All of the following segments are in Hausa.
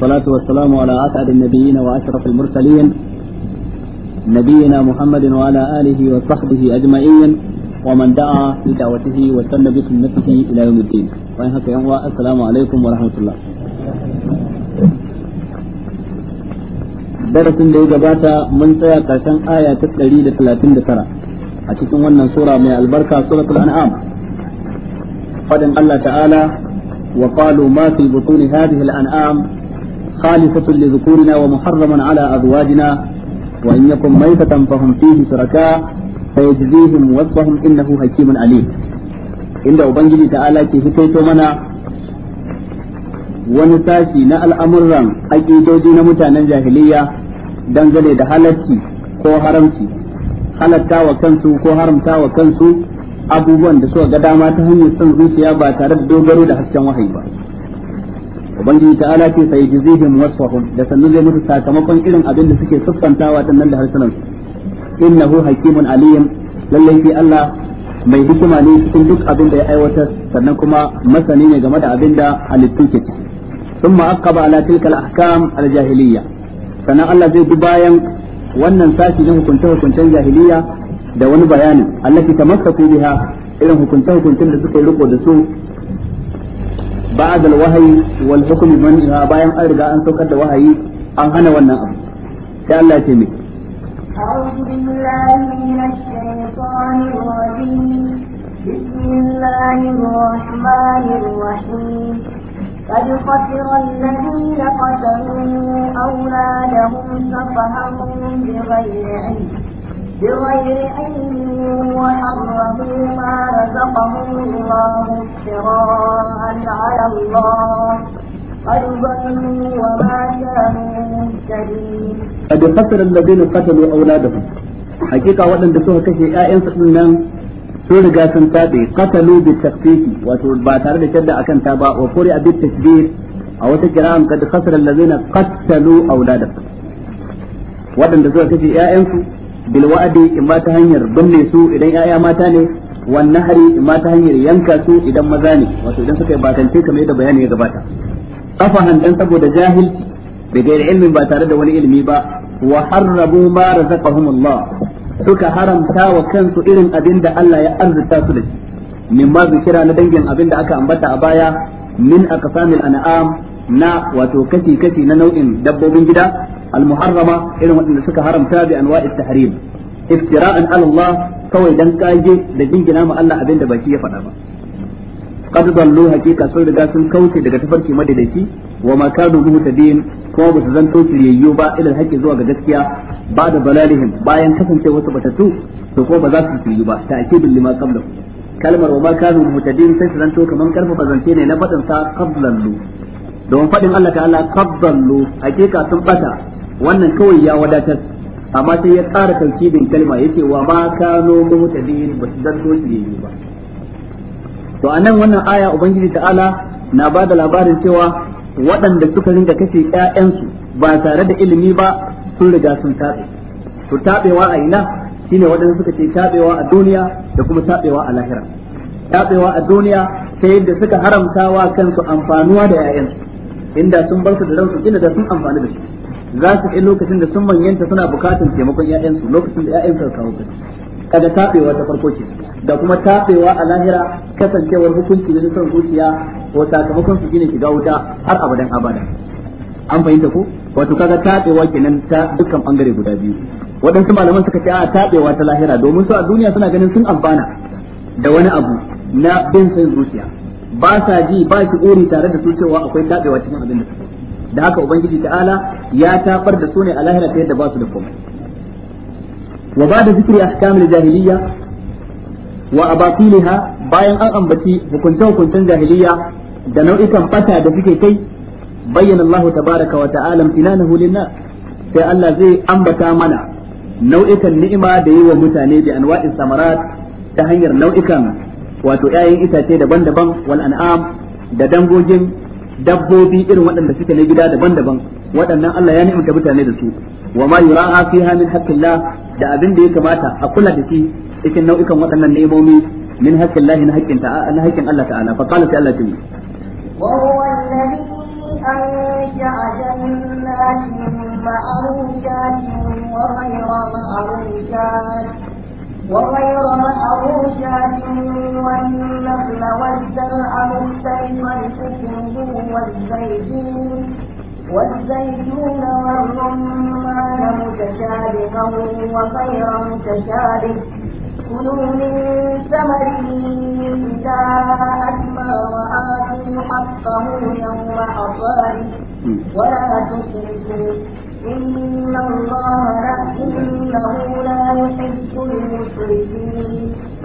والصلاة والسلام على أسعد النبيين وأشرف المرسلين نبينا محمد وعلى آله وصحبه أجمعين ومن دعا بدعوته واستنى بسنته إلى يوم الدين وإن يوم السلام عليكم ورحمة الله درس da جباتا من mun شن آية aya ta 139 a cikin سورة من البركة سورة الأنعام قد fadin Allah ta'ala wa qalu ma fi butuni خالصة لذكورنا ومحرم على أزواجنا وإن يكن ميتة فهم فيه شركاء فيجزيهم وصفهم إنه حكيم عليم inda ubangiji ta'ala ke fito mana wani sashi na al'amuran aƙidoji na mutanen jahiliya dangane da halarci ko haramci halatta wa kansu ko haramta wa kansu abubuwan da suka ga dama ta hanyar son zuciya ba tare da dogaro da hasken wahayi ba ubangiji ta ala ce sai jizihim wasfahum da sannu zai mutu sakamakon irin abin da suke sassantawa dan nan da harsunan innahu hakimun aliyim lallai fi Allah mai hikima ne cikin duk abin da ya aiwatar sannan kuma masani ne game da abin da halittu ke ciki sun ma'akaba ala tilka al-ahkam al-jahiliya sannan Allah zai bi bayan wannan sashi na hukunce-hukuncen jahiliya da wani bayanin allati tamassaku biha irin hukunce-hukuncen da suka yi riko da su بعد الوحي والحكم من بايم أرجع أن تكد وحي أن أنا وأنا أم الله يتمي أعوذ بالله من الشيطان الرجيم بسم الله الرحمن الرحيم قد خسر الذين قتلوا أولادهم سفها بغير علم بغير علم وحرموا ما رزقهم الله افتراء على الله قد ضلوا وما كانوا مهتدين قد قتل الذين قتلوا أولادهم حقيقة وأن دسوها كشي آئين سقنا sun riga sun tabe qatalu bi takfiki wato ba tare da shadda akan ta ba wa quri bi tasbir a wata kira'an kad khasara allazina qatalu awladahum wadanda suka kace ƴaƴansu bil wa'di in ba ta hanyar binne su idan yaya mata ne wan hari in ba ta hanyar yanka su idan maza ne wato idan suka yi bakance kamar yadda bayani ya gabata afahan dan saboda jahil bi gairi ilmin ba tare da wani ilimi ba wa harrabu ma razaqahumullah suka haramta wa kansu irin abin da Allah ya arzuta su da shi mimma zikira na dangin abin da aka ambata a baya min akasamil an'am na wato kashi kashi na nau'in dabbobin gida al-muharrama irin waɗanda suka haramta bi anwa'i tahrim iftira'an ala Allah kawai dan kage da jingina ma Allah abinda baki ya faɗa ba qad dallu hakika sun riga sun kauce daga tafarki madadaci wa ma kadu muhtadin kuma ba su zanto shiryayyu ba ilal haƙƙi zuwa ga gaskiya ba da balalihim bayan kasancewa su batatu to ba za su shiryu ba ta'kidul kalmar wa ma kanu muhtadin sai su zanto kaman karfafa zance ne na fadin sa lu don fadin Allah ta'ala lu hakika sun bata wannan kawai ya wadatar amma sai ya ƙara tarkibin kalma ce wa ma kano muhtadin ba su zanto su yi ba to anan wannan aya ubangiji ta'ala na ba da labarin cewa waɗanda suka ringa kashe ƴaƴansu ba tare da ilimi ba sun riga sun taɓe to taɓewa a ina shine waɗanda suka ce taɓewa a duniya da kuma taɓewa a lahira taɓewa a duniya ta yadda suka haramtawa kansu amfanuwa da ƴaƴansu inda sun bar su da ransu inda da sun amfani da su za su kai lokacin da sun manyanta suna bukatun taimakon ƴaƴansu lokacin da ƴaƴansu suka kawo kaci kada tafewa ta farko ce da kuma tafewa a lahira kasancewar hukunci da son zuciya ko sakamakon su gina shiga wuta har abadan abada an fahimta ko wato kaga tafewa kenan ta dukkan bangare guda biyu waɗansu malaman suka ce a tafewa ta lahira domin su a duniya suna ganin sun amfana da wani abu na bin son zuciya ba sa ji ba shi uri tare da su cewa akwai tafewa cikin abin da suke da haka ubangiji ta'ala ya tafar da su ne a lahira ta yadda ba su da komai wa ba da zikri ahkamul jahiliya wa abatiliha bayan an ambaci hukunce hukuncen jahiliya da nau'ikan fata da suke kai bayyana Allah tabaraka wa ta'ala imtinanahu linnas sai Allah zai ambata mana nau'ikan ni'ima da yi wa mutane bi anwa'in samarat ta hanyar nau'ikan wato 'ya'yan itace daban-daban wal an'am da dangogin dabbobi irin waɗanda suke na gida daban-daban waɗannan Allah ya ni'imta mutane da su wa ma yura'a fiha min haqqillah da abin da ya kamata a kula da shi cikin nau'ikan waɗannan nemomi min haqqillah na haƙƙin ta na haƙƙin Allah ta'ala fa qala Allah ta wa huwa alladhi anja'a jannatin ma'rujatin wa ghayra ma'rujatin وغير مأروشات والنخل والزرع مختلفا حكمه والزيتون والزيتون والرمان متشابها وغير متشابه كلوا من ثمره إذا أثمر وآتوا حقه يوم حصاده ولا تشركوا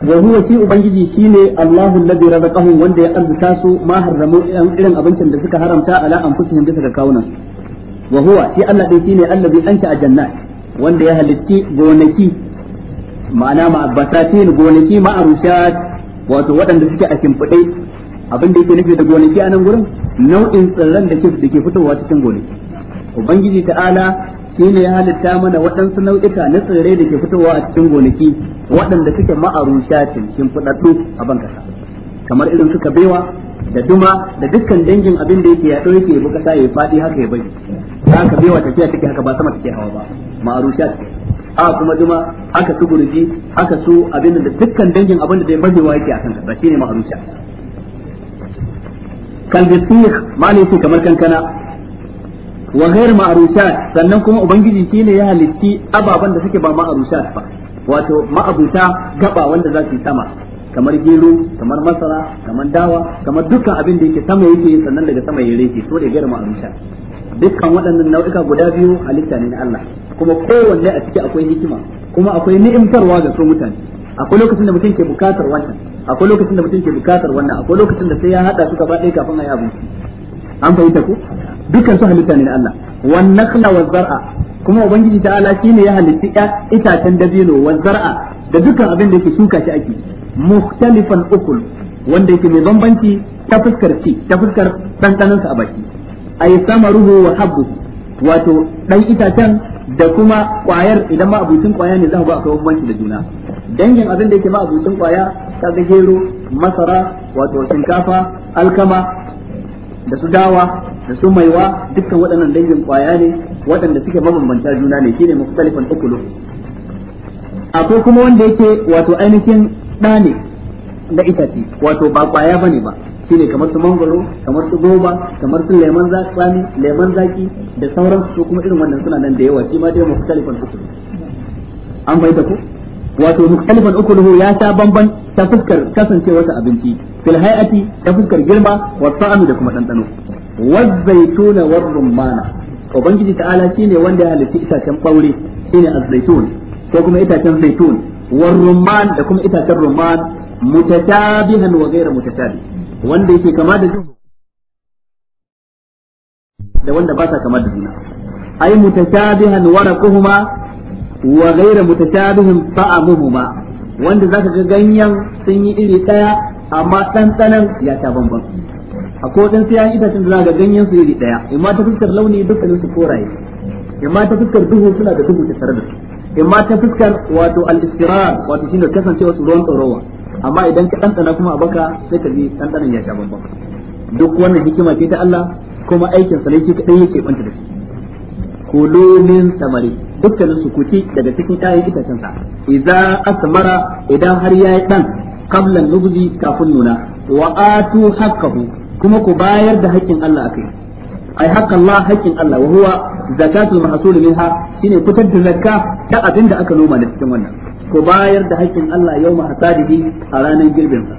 wa huwa shi ubangiji shine Allahu alladhi razaqahum wanda ya arzuta su ma harramu irin abincin da suka haramta ala anfusihim bisa ga kawunan wa huwa shi Allah dai shine allazi anta ajannat wanda ya halitti gonaki ma'ana ma'abbasatin gonaki arushat wato wadanda suke a shimfiɗai abin da yake nufi da gonaki a nan gurin nau'in tsirran da ke fitowa cikin gonaki ubangiji ta'ala shine ya halitta mana waɗansu nau'ika na tsirrai da ke fitowa a cikin gonaki waɗanda suke ma'arushatin shimfiɗaɗɗu a ban kasa kamar irin suka baiwa da duma da dukkan dangin abin da yake yaɗo yake yabo kasa ya faɗi haka ya bari ka kabewa tafiya take haka ba sama take hawa ba ma'arushat a kuma duma haka su gurji haka su abin da dukkan dangin abin da bai barewa yake akan kasa shine ma'arusha. kalbisikh ma ne kamar kankana wa ghair ma'rusat sannan kuma ubangiji shine ya halitti ababan da suke ba ma'rusat ba wato ma'abuta gaba wanda za su yi sama kamar gero kamar masara kamar dawa kamar dukkan abin da yake sama yake sannan daga sama ya reke so da ghair ma'rusat dukkan waɗannan nau'ika guda biyu halitta ne na Allah kuma kowanne a ciki akwai hikima kuma akwai ni'imtarwa ga su mutane akwai lokacin da mutum ke bukatar wannan akwai lokacin da mutum ke bukatar wannan akwai lokacin da sai ya hada su gaba ɗaya kafin a yi abinci an fahimta ko dukkan su halitta ne na Allah wan nakhla wa zar'a kuma ubangiji ta'ala shine ya halitti itacen dabino wa zar'a da dukkan abin da yake shuka shi ake mukhtalifan ukul wanda yake mai bambanci ta fuskar ci ta fuskar dandanan sa a baki ay samaruhu wa habbu wato dan itacen da kuma kwayar idan ma abucin kwaya ne za ku ga akwai bambanci da juna dangin abin da yake ma abucin kwaya kaga gero masara wato shinkafa alkama da su dawa da su maiwa dukkan waɗannan dangin kwaya ne waɗanda suke mabambanta juna ne shine mukhtalifan ukulu akwai kuma wanda yake wato ainihin ɗa ne na itace wato ba kwaya bane ba shine kamar su mangoro kamar su goba kamar su lemon zaki lemon zaki da sauransu su kuma irin wannan suna nan da yawa shi ma dai mukhtalifan ukulu an da ku wato mukhtalifan ukuluhu ya sha bamban ta fuskar kasancewarsa abinci fil hay'ati ta fuskar girma wa ta'ami da kuma dandano wazaituna war rumana ubangiji ala shine wanda ya halitta itacen baure shine az ko kuma itacen zaitun war rumman da kuma itacen rumman mutatabihan wa ghayra mutatabi wanda yake kama da juna da wanda ba sa kama da juna ay mutatabihan waraquhuma wa ghayra mutashabihin ta'amuhuma wanda zaka ga ganyen sun yi iri daya amma tsantsanan ya ta bamban akwai dan ya yi itacen zaka ga ganyen su iri daya imma ta fuskar launi dukkanin su koraye imma ta fuskar duhu suna da duhu tare da su imma ta fuskar wato al-istirar wato shine kasancewa su ruwan tsorowa amma idan ka ɗanɗana kuma a baka sai ka ji tantanan ya sha bambam duk wannan hikima ce ta Allah kuma aikin sa ne shi kadai yake banta da shi kulu min samari dukkanin su kuti daga cikin ƴaƴan itacen sa idza asmara idan har ya yi ɗan qabla nubzi kafin nuna wa atu haqqahu kuma ku bayar da haƙƙin Allah a kai. ai haƙƙin Allah haƙƙin Allah wa huwa zakatul mahsul minha shine fitar da zakka ta abin da aka noma da cikin wannan ku bayar da haƙƙin Allah yawma hasadihi a ranar girbin sa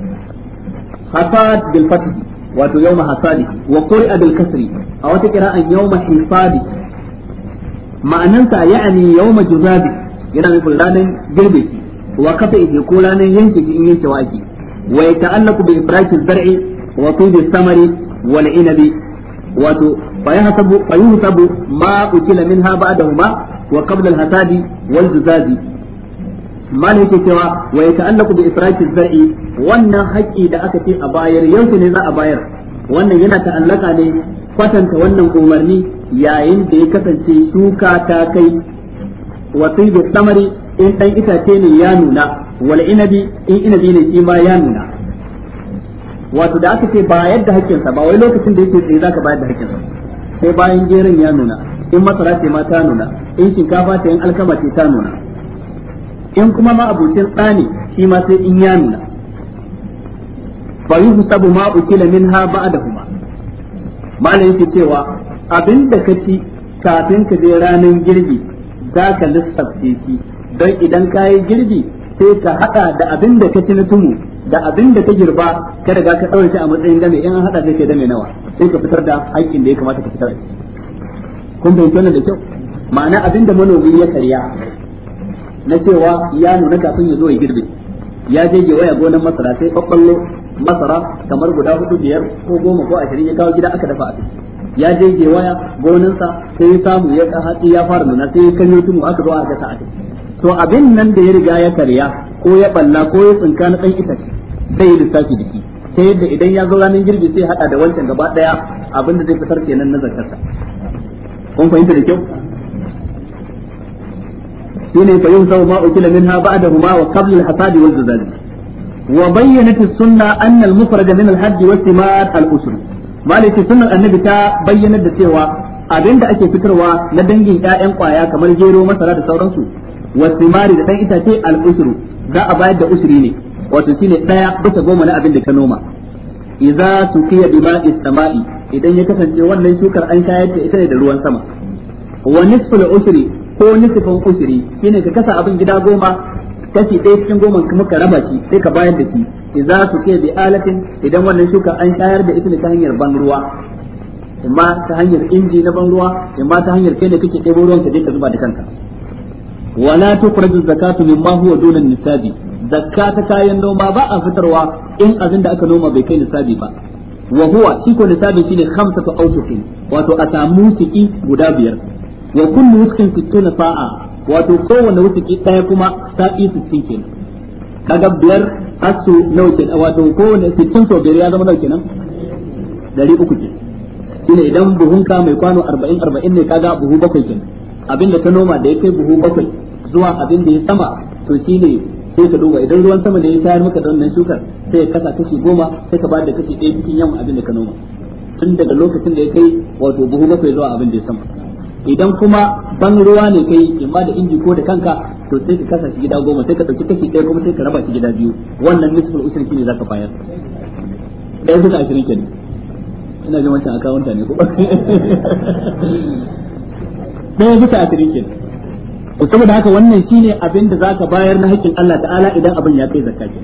hasad bil fathi wato yawma hasadi wa qur'a bil kasri a wata qira'an yawma hisadi ma'anansa ya'ani yawma juzabi yana nufin ranar girbe shi wa kafa ihe ko ranar yanke shi in yanke waki wa yata'allaqu bi ifraki zar'i wa tudi samari wal inabi wato فيحسب فيحسب ما أكل منها بعدهما وقبل الحساد wannan yana ta'allaka ne kwatanta wannan umarni yayin da ya kasance shuka ta kai wasu da samari in dan itace ne ya nuna wal inabi in inabi ne shi ma ya nuna wato da aka ce ba yadda hakkinsa ba wai lokacin da yake tsaye zaka bayar da hakkinsa sai bayan gerin ya nuna in masara ce ma ta nuna in shinkafa ta in alkama ce ta nuna in kuma ma abincin tsani shi ma sai in ya nuna fa yuhsabu ma ukila minha ba'dahuma malai yake cewa abinda ka ci kafin ka je ranar girbi za ka lissafce shi don idan ka yi girbi sai ka haɗa da abinda ka ci na tumu da abinda ka girba kada riga ka ɗaure shi a matsayin game in an hada zai game nawa sai ka fitar da haƙƙin da ya kamata ka fitar kun fahimci da kyau ma'ana abinda manomi ya karya na cewa ya nuna kafin ya zo ya girbi ya je ya waya gonar masara sai kwakwallo masara kamar guda hudu biyar ko goma ko ashirin ya kawo gida aka dafa a ciki ya je ke waya gonansa sai ya samu ya hatsi ya fara nuna sai ya kanyo tumu aka zo aka sa a ciki to abin nan da ya riga ya karya ko ya balla ko ya tsinka na dan itace sai ya lissafi diki ta yadda idan ya zo ranar girbi sai hada da wancan gaba daya abinda zai fitar kenan na zakarsa kun fahimta da kyau shine fa yusau ma ukila minha ba'dahu ma wa qabl al-hasadi wal zalzali وبينت السنة أن المفرد من الحج والثمار الأسر ما ليس سنة النبي بينت دسيوا abin da ake fitarwa na dangin ƴaƴan kwaya kamar gero masara da sauransu wa simari da dan itace al usru za a bayar da usri ne wato shine daya bisa goma na abin da ka noma idza suqiya bima sama'i idan ya kasance wannan shukar an shayar da ita ne da ruwan sama wa nisful usri ko nisfin usri shine ka kasa abin gida goma kashi ɗaya cikin goma muka raba shi sai ka bayar da shi idza su bi alatin idan wannan shuka an shayar da ita ne ta hanyar ban ruwa Ima ta hanyar inji na ban ruwa amma ta hanyar kai da kake ɗebo ruwan ka je ka zuba da kanka wala tukhraju zakatu mimma huwa duna nisabi zakka ta kayan noma ba a fitarwa in abin da aka noma bai kai nisabi ba wa huwa shi ko nisabi shine khamsatu awsuqin wato a samu guda biyar wa kullu wusqin 60 sa'a wato kowanne ke daya kuma sa'i 60 kenan kaga biyar asu nawa kenan wato kowanne 60 so biyar ya zama nawa kenan uku kenan shine idan buhunka mai kwano 40 40 ne kaga buhu bakwai kenan abinda ka noma da ya kai buhu bakwai zuwa abin da ya sama to shine sai ka duba idan ruwan sama da ya tayar maka da wannan shukar sai ya kasa kashi goma sai ka bada kashi ɗaya cikin yawan abin da ka noma tun daga lokacin da ya kai wato buhu bakwai zuwa abin da ya sama idan kuma ban ruwa ne kai imma da inji ko da kanka to sai ka kasa shi gida goma sai ka dauki kashi ɗaya kuma sai ka raba shi gida biyu wannan nisful usul shine zaka bayar ɗaya bisa ashirin kenan ina jin wancan akawunta ne ko ɗaya bisa ashirin kenan to saboda haka wannan shine abin da zaka bayar na hakkin Allah ta'ala idan abin ya kai zakka ke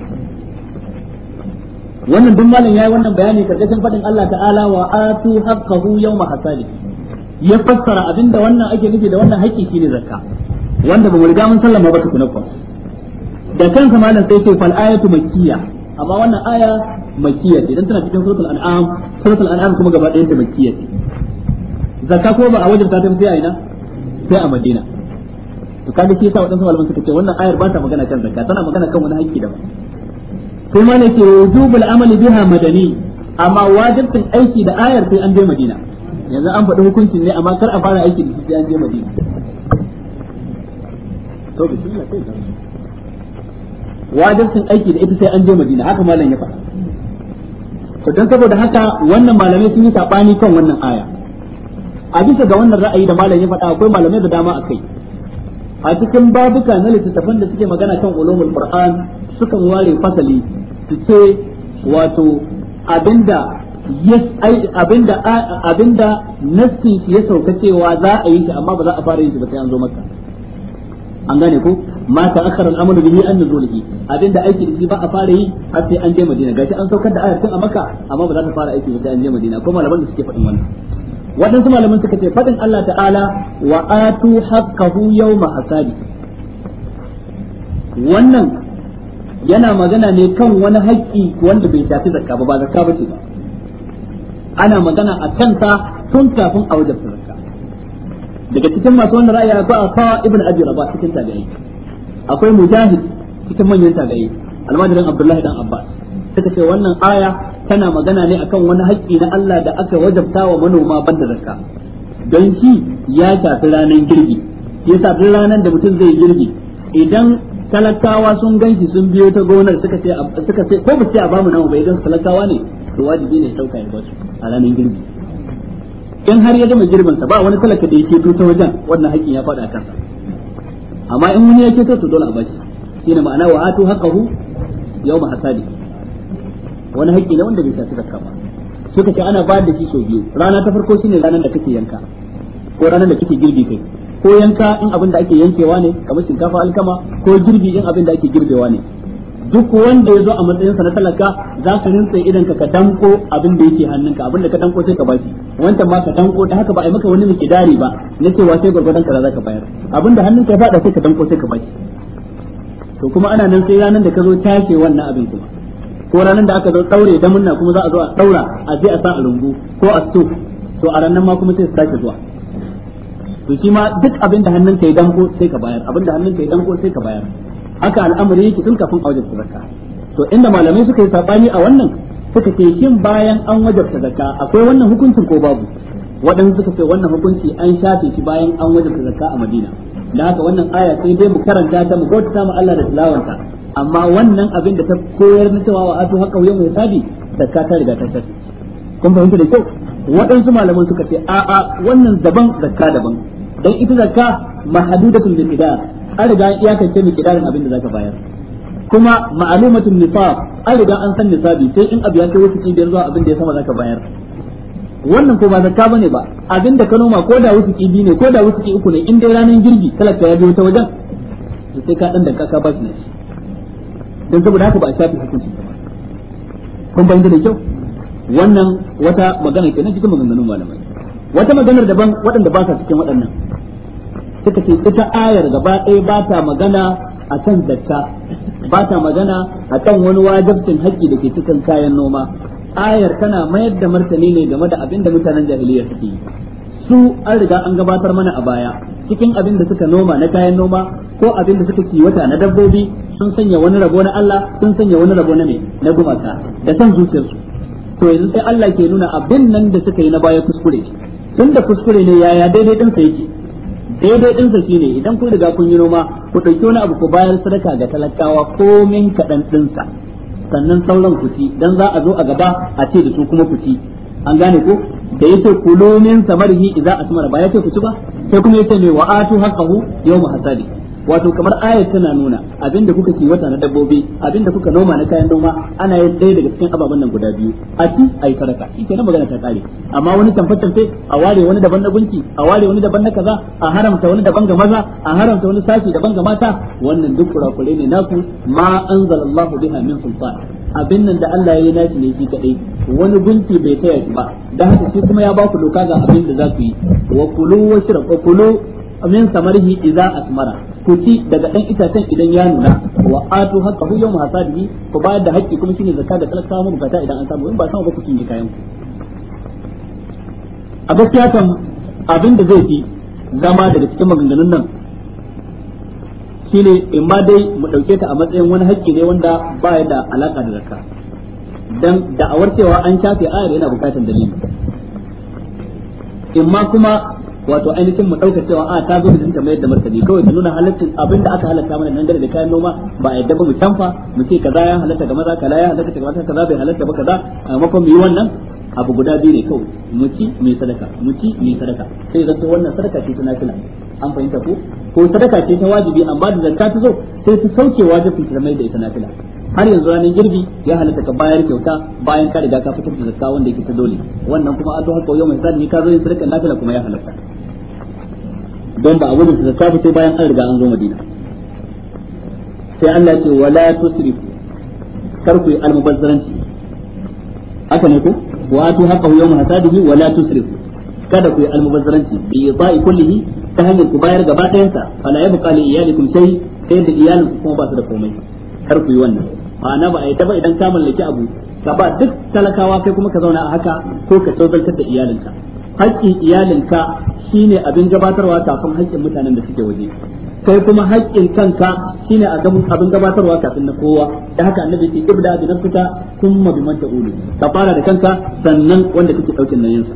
wannan duk malam yayi wannan bayani karkashin fadin Allah ta'ala wa atu haqqahu yawma hasadi ya fassara abinda wannan ake nufi da wannan haƙƙi shine zakka wanda ba mu riga mun sallama ba tukuna ko da kansa malam sai ce fal ayatu makkiya amma wannan aya makkiya ce dan tana cikin suratul an'am suratul an'am kuma gaba ɗayan ta makkiya ce zakka ko ba a wajen ta sai a ina sai a madina to kaga shi yasa wadansu malaman suka ce wannan ayar ba ta magana kan zakka tana magana kan wani haƙƙi daban kuma ne ke wujubul amali biha madani amma wajibin aiki da ayar sai an je madina yanzu an faɗi hukuncin ne amma kar a fara aiki da shi an je madina to bismillah sai wajibin aiki da ita sai an je madina haka malam ya faɗa to dan saboda haka wannan malamai sun yi sabani kan wannan aya a bisa ga wannan ra'ayi da malam ya faɗa akwai malamai da dama akai a cikin babuka na littattafan da suke magana kan ulumul qur'an sukan ware fasali su ce wato abinda abinda abinda nassi shi ya sauka cewa za a yi shi amma ba za a fara yin shi ba sai an zo maka an gane ko ma ta akhara al-amru bihi an nuzulihi abinda aiki da shi ba a fara yi har sai an je Madina gashi an saukar da ayatun a Makka amma ba za ta fara aiki ba sai an je Madina ko malaman da suke faɗin wannan waɗansu malaman suka ce faɗin Allah ta'ala wa atu haqqahu yawma hasadi wannan yana magana ne kan wani haƙƙi wanda bai shafi zakka ba ba zakka ba ce ba ana magana a kansa tun kafin a wajen sarka daga cikin masu wannan ra'ayi akwai Afa ibn Abi Rabah cikin tabi'ai akwai Mujahid cikin manyan tabi'ai almajirin Abdullahi dan Abbas suka ce wannan aya tana magana ne akan wani haƙƙi na Allah da aka wajabta wa manoma banda zakka don shi ya shafi ranar girbi ya shafi ranar da mutum zai girbi idan talakawa sun ganshi sun biyo ta gonar suka ce suka ce ko ba a bamu nawa bai gan talakawa ne to wajibi ne sauka ya basu a ranar girbi in har ya gama girbin sa ba wani talaka da yake ta wajen wannan hakkin ya fada kansa amma in wani yake to dole a bashi shine ma'ana wa atu haqqahu yawma hasadi wani hakki ne wanda bai tafi zakka ba suka ce ana bayar da shi sau biyu rana ta farko shine ranar da kake yanka ko ranar da kake girbi kai ko yanka in abin da ake yankewa ne kamar shinkafa alkama ko girbi in abin da ake girbewa ne duk wanda ya zo a matsayinsa na talaka za ka rinsa idan ka danko abin da yake hannunka abin da ka danko sai ka bashi wanda ma ka danko da haka ba a yi maka wani miki dari ba na cewa sai gwargwadon kaza za ka bayar abin da hannunka ya faɗa sai ka danko sai ka bashi to kuma ana nan sai ranar da ka zo tashe wannan abin kuma ko ranar da aka zo ɗaure da munna kuma za a zo a ɗaura a je a sa a lungu ko a sto to a ranar ma kuma sai su sake zuwa to shi ma duk abin da hannun ta ya danko sai ka bayar abin da hannun ta ya danko sai ka bayar haka al'amari yake tun kafin a wajabta zakka to inda malamai suka yi sabani a wannan suka ce shin bayan an wajabta zakka akwai wannan hukuncin ko babu waɗanda suka ce wannan hukunci an shafe shi bayan an wajabta zakka a Madina da haka wannan aya sai dai mu karanta ta mu bauta ma Allah da tilawanta amma wannan abin da ta koyar na cewa wa atu haqqa yawm hisabi ka ta riga ta shafe kun fahimta da kyau waɗansu malaman suka ce a'a wannan daban zakka daban dan ita zakka mahdudatun bil qidar an riga an iyakance ni kidarin abin da zaka bayar kuma ma'lumatun nifaq an riga an san nisabi sai in abu ya kai wasu cibiyar zuwa abin da ya sama zaka bayar wannan ko ba zakka bane ba abin da ka noma ko da wasu cibi ne ko da wasu uku ne in dai ranar girbi talaka ya biyo ta wajen to sai ka dan da ka ba shi dan saboda haka ba a shafi hukunci kun bayyana da kyau wannan wata magana ke na cikin maganganun malamai wata maganar daban waɗanda ba sa cikin waɗannan suka ce ita ayar gaba ɗaya ba ta magana a kan datta ba ta magana a kan wani wajabcin haƙƙi da ke cikin kayan noma ayar tana mayar da martani ne game da abin da mutanen jahiliya suke yi su an riga an gabatar mana a baya cikin abin da suka noma na kayan noma ko abin da suka kiwata na dabbobi sun sanya wani rabo na Allah sun sanya wani rabo na me na gumaka da san zuciyarsu to yanzu sai Allah ke nuna abin nan da suka yi na baya kuskure tun da kuskure ne yaya daidai ɗinsa yake daidai ɗinsa shi shine idan kun riga kun yi noma ku dauki wani abu ku bayar sadaka ga talakawa komin kadan ɗinsa sannan sauran ku ci dan za a zo a gaba a ce da su kuma ku ci an gane ku. da yace kulu min samarihi idza asmara ba ce ku ci ba sai kuma yace me wa'atu haqqahu yawma hasadi wato kamar ayat tana nuna abinda kuka wata na dabbobi abinda kuka noma na kayan noma ana yin ɗaya daga cikin ababen nan guda biyu a ci a yi sadaka shi kenan magana ta kare amma wani tamfe tamfe a ware wani daban na gunki a ware wani daban na kaza a haramta wani daban ga maza a haramta wani sashi daban ga mata wannan duk kurakure ne naku ma anzalallahu biha min sultan abin nan da Allah ya yi naki ne shi kadai wani gunki bai taya shi ba dan haka shi kuma ya ba ku doka ga abin da za ku yi wa kulu wa kulu min samarihi idza asmara ku daga dan itacen idan ya nuna wa atu haqqahu yawma hasadihi ku bayar da haƙƙi kuma shine zakka da talaka mu bukata idan an samu in ba samu ba ku ne kayan ku a gaskiya kan abin da zai fi zama daga cikin maganganun nan shine in ma dai mu dauke ta a matsayin wani haƙƙi ne wanda ba ya da alaka da zakka dan da'awar cewa an shafe ayar yana bukatan dalili in ma kuma wato ainihin mu ɗauka cewa a ta zo da dinka mai da martani kawai ta nuna halaccin abin da aka halatta mana nan da kayan noma ba a yadda ba mu canfa mu ce kaza ya halatta ga maza kaza ya halatta ga maza kaza bai halatta ba kaza a makon yi wannan abu guda biyu ne kawai mu ci mu yi sadaka mu ci mu yi sadaka sai zanto wannan sadaka ce ta nafila an fahimta ko ko sadaka ce ta wajibi amma da zakka ta zo sai ta sauke wajibi ta mai da ita nafila har yanzu ranar girbi ya halatta ka bayar kyauta bayan ka riga ka fitar da zakka wanda yake ta dole wannan kuma a to haka yau mai sani ka zo yin sadaka nafila kuma ya halatta don ba a gudun su safa sai bayan an riga an zo madina sai Allah ce wala tusrifu kar ku yi almubazzaranci haka ne ko wa tu haqa yawm hasadihi wala tusrifu kada ku yi almubazzaranci bi yada'i kullihi ta hanyar ku bayar gaba ɗayan sa fala yabqa li iyalikum shay sai da iyalin ku kuma ba su da komai kar ku yi wannan ma'ana ba a yi ta ba idan ka mallaki abu ka ba duk talakawa kai kuma ka zauna a haka ko ka tozaltar da iyalinka haƙƙin iyalinka shine abin gabatarwa kafin haƙƙin mutanen da suke waje kai kuma haƙƙin kanka shine abin gabatarwa kafin na kowa da haka annabi ke ibda na fita kuma bi manta ulu. ka fara da kanka sannan wanda kake daukin nayin sa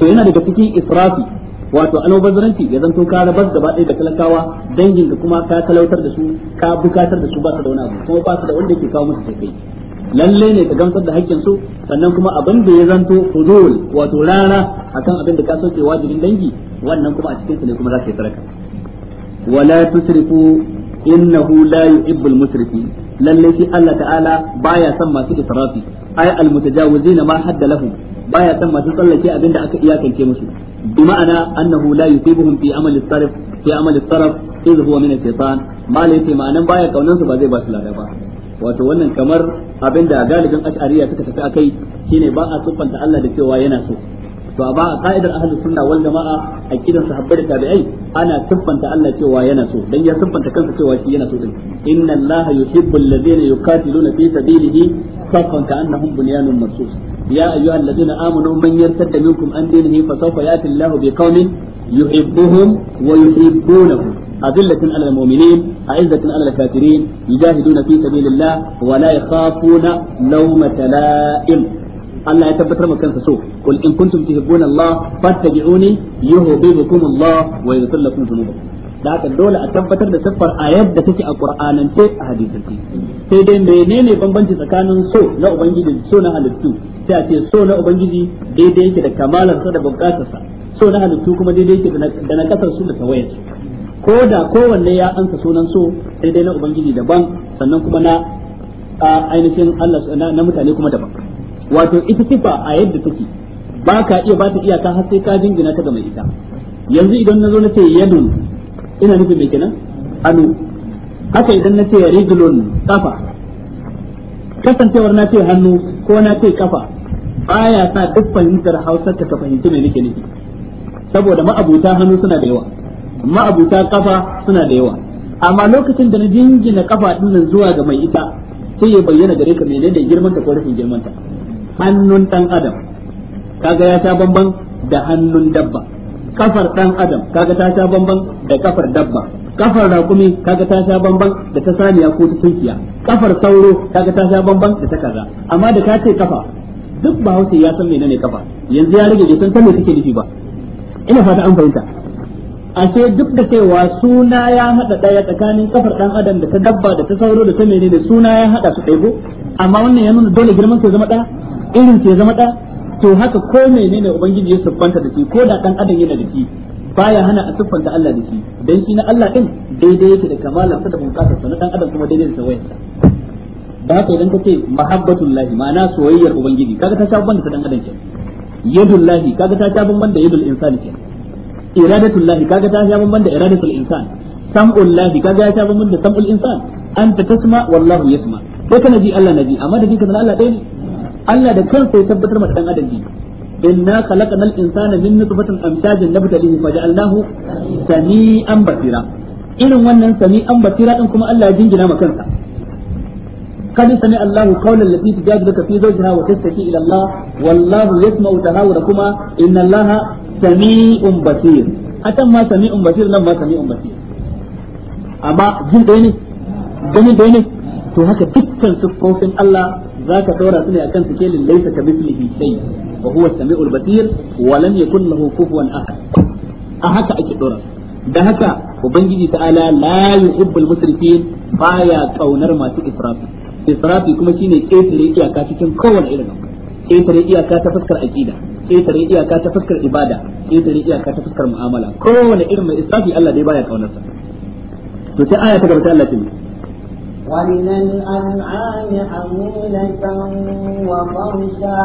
to yana daga cikin israfi wato almubazzaranci ya zanto ka rabar gaba ɗaya da talakawa dangin da kuma ka talautar da su ka bukatar da su ba su da wani abu kuma ba su da wanda yake kawo musu sai lalle ne ka gamsar da hakkin su sannan kuma abin da ya zanto fudul wato rana akan abin da ka sauke wajibin dangi wannan kuma a cikin su ne kuma za ka yi sadaka wala tusrifu innahu la yuhibbul musrifin lalle shi Allah ta'ala baya son masu israfi ay al mutajawizin ma hadda lahum baya son masu tsallake abin da aka iyakance musu bi ma'ana annahu la yusibuhum fi amal as-sarf fi amal as-sarf idh huwa min ash-shaytan ma la ma'anan baya kaunan su ba zai ba su lada ba wato wannan kamar abinda galibin ash'ariya suka tafi akai shine ba a siffanta Allah da cewa yana so to amma a ka'idar ahlus sunna wal jama'a a kidan sahabbai da tabi'ai ana siffanta Allah cewa yana so dan ya siffanta kansa cewa shi yana so din inna Allah yuhibbu alladhina yuqatiluna fi sabilihi ka'annahum bunyanun marsus ya ayyuha alladhina amanu man yartadda minkum an dinihi fa sawfa ya'ti Allahu biqaumin yuhibbuhum wa yuhibbunahu أذلة على المؤمنين أعزة على الكافرين يجاهدون في سبيل الله ولا يخافون لومة لائم الله يتبتر مكان سوء قل إن كنتم تحبون الله فاتبعوني يهببكم الله ويغفر لكم ذنوبكم da haka dole a tabbatar da siffar a yadda take a qur'anance a hadisance sai dai menene bambanci tsakanin so na ubangiji so na halittu sai a ce so na ubangiji daidai yake da kamalarsa da bukatarsa so na halittu kuma daidai yake da na kasar su da tawayarsu ko da kowanne ya ansa sunan so sai dai na ubangiji daban sannan kuma na ainihin Allah na mutane kuma daban wato ita sifa a yadda take ba ka iya ba ta iyaka har sai ka jingina ta ga mai ita yanzu idan na zo na ce yadun ina nufin mai kenan anu haka idan na ce rijlun kafa kasancewar na ce hannu ko na ce kafa baya sa duk fahimtar hausar ka fahimci mai nake nufi saboda ma'abuta hannu suna da yawa ma'abuta kafa suna da yawa amma lokacin da na jingina kafa dinnan zuwa ga mai ita sai ya bayyana gare ka menene girman ta ko rashin girman ta hannun dan adam kaga ya ta bamban da hannun dabba kafar dan adam kaga ta ta bamban da kafar dabba kafar rakumi kaga ta sha bamban da ta saniya ko ta tunkiya kafar sauro kaga ta sha bamban da ta kaza amma da ka ce kafa duk ba hausa ya san menene kafa yanzu ya rage bai san ta me take nufi ba ina fata an fahimta ashe duk da cewa suna ya hada daya tsakanin kafar dan adam da ta dabba da ta sauro da ta menene suna ya hada su ɗaigo amma wannan ya nuna dole girman sai zama ɗaya irin sai zama ɗaya to haka ko menene ubangiji ya siffanta da shi ko da dan adam yana da shi baya hana a siffanta Allah da shi dan shi na Allah din daidai yake da kamalar sa da bunƙasa sa na dan adam kuma daidai da tawayar sa da haka idan kace mahabbatullahi ma'ana soyayyar ubangiji kaga ta sha banda ta dan adam ke yadullahi kaga ta sha banda yadul insani kenan iradatul lahi kaga ta sha bamban da iradatul insan sam'ul lahi kaga ya sha bamban da sam'ul insan anta tasma wallahu yasma sai kana ji Allah naji amma da jinka Allah ɗaya ne Allah da kansa ya tabbatar ma dan adam ji inna khalaqnal insana min nutfatin amshajin nabtalihi faj'alnahu sami'an basira irin wannan sami'an basira din kuma Allah ya jingina ma kansa Kadi قد سمع الله قول التي تجادلك في زوجها وتشتكي الى الله والله يسمع تهاوركما inna الله sami'un basir atan ma sami'un basir nan ma sami'un basir amma jin dai ne ganin dai ne to haka dukkan sufofin Allah zaka daura su ne akan sikelin laisa ka mislihi shay wa huwa sami'ul basir wa lam yakul lahu kufuwan ahad a haka ake daura da haka ubangiji ta'ala la yuhibbul musrifin baya kaunar masu israfi israfi kuma shine ƙetare iyaka cikin kowane irin ƙetare iyaka ta fuskar aqida ƙetare iyaka ta fuskar ibada ƙetare iyaka ta fuskar mu'amala kowane irin mai israfi Allah dai baya kaunarsa to sai aya ta gaba ta Allah ta yi ومن الأنعام حمولة وفرشا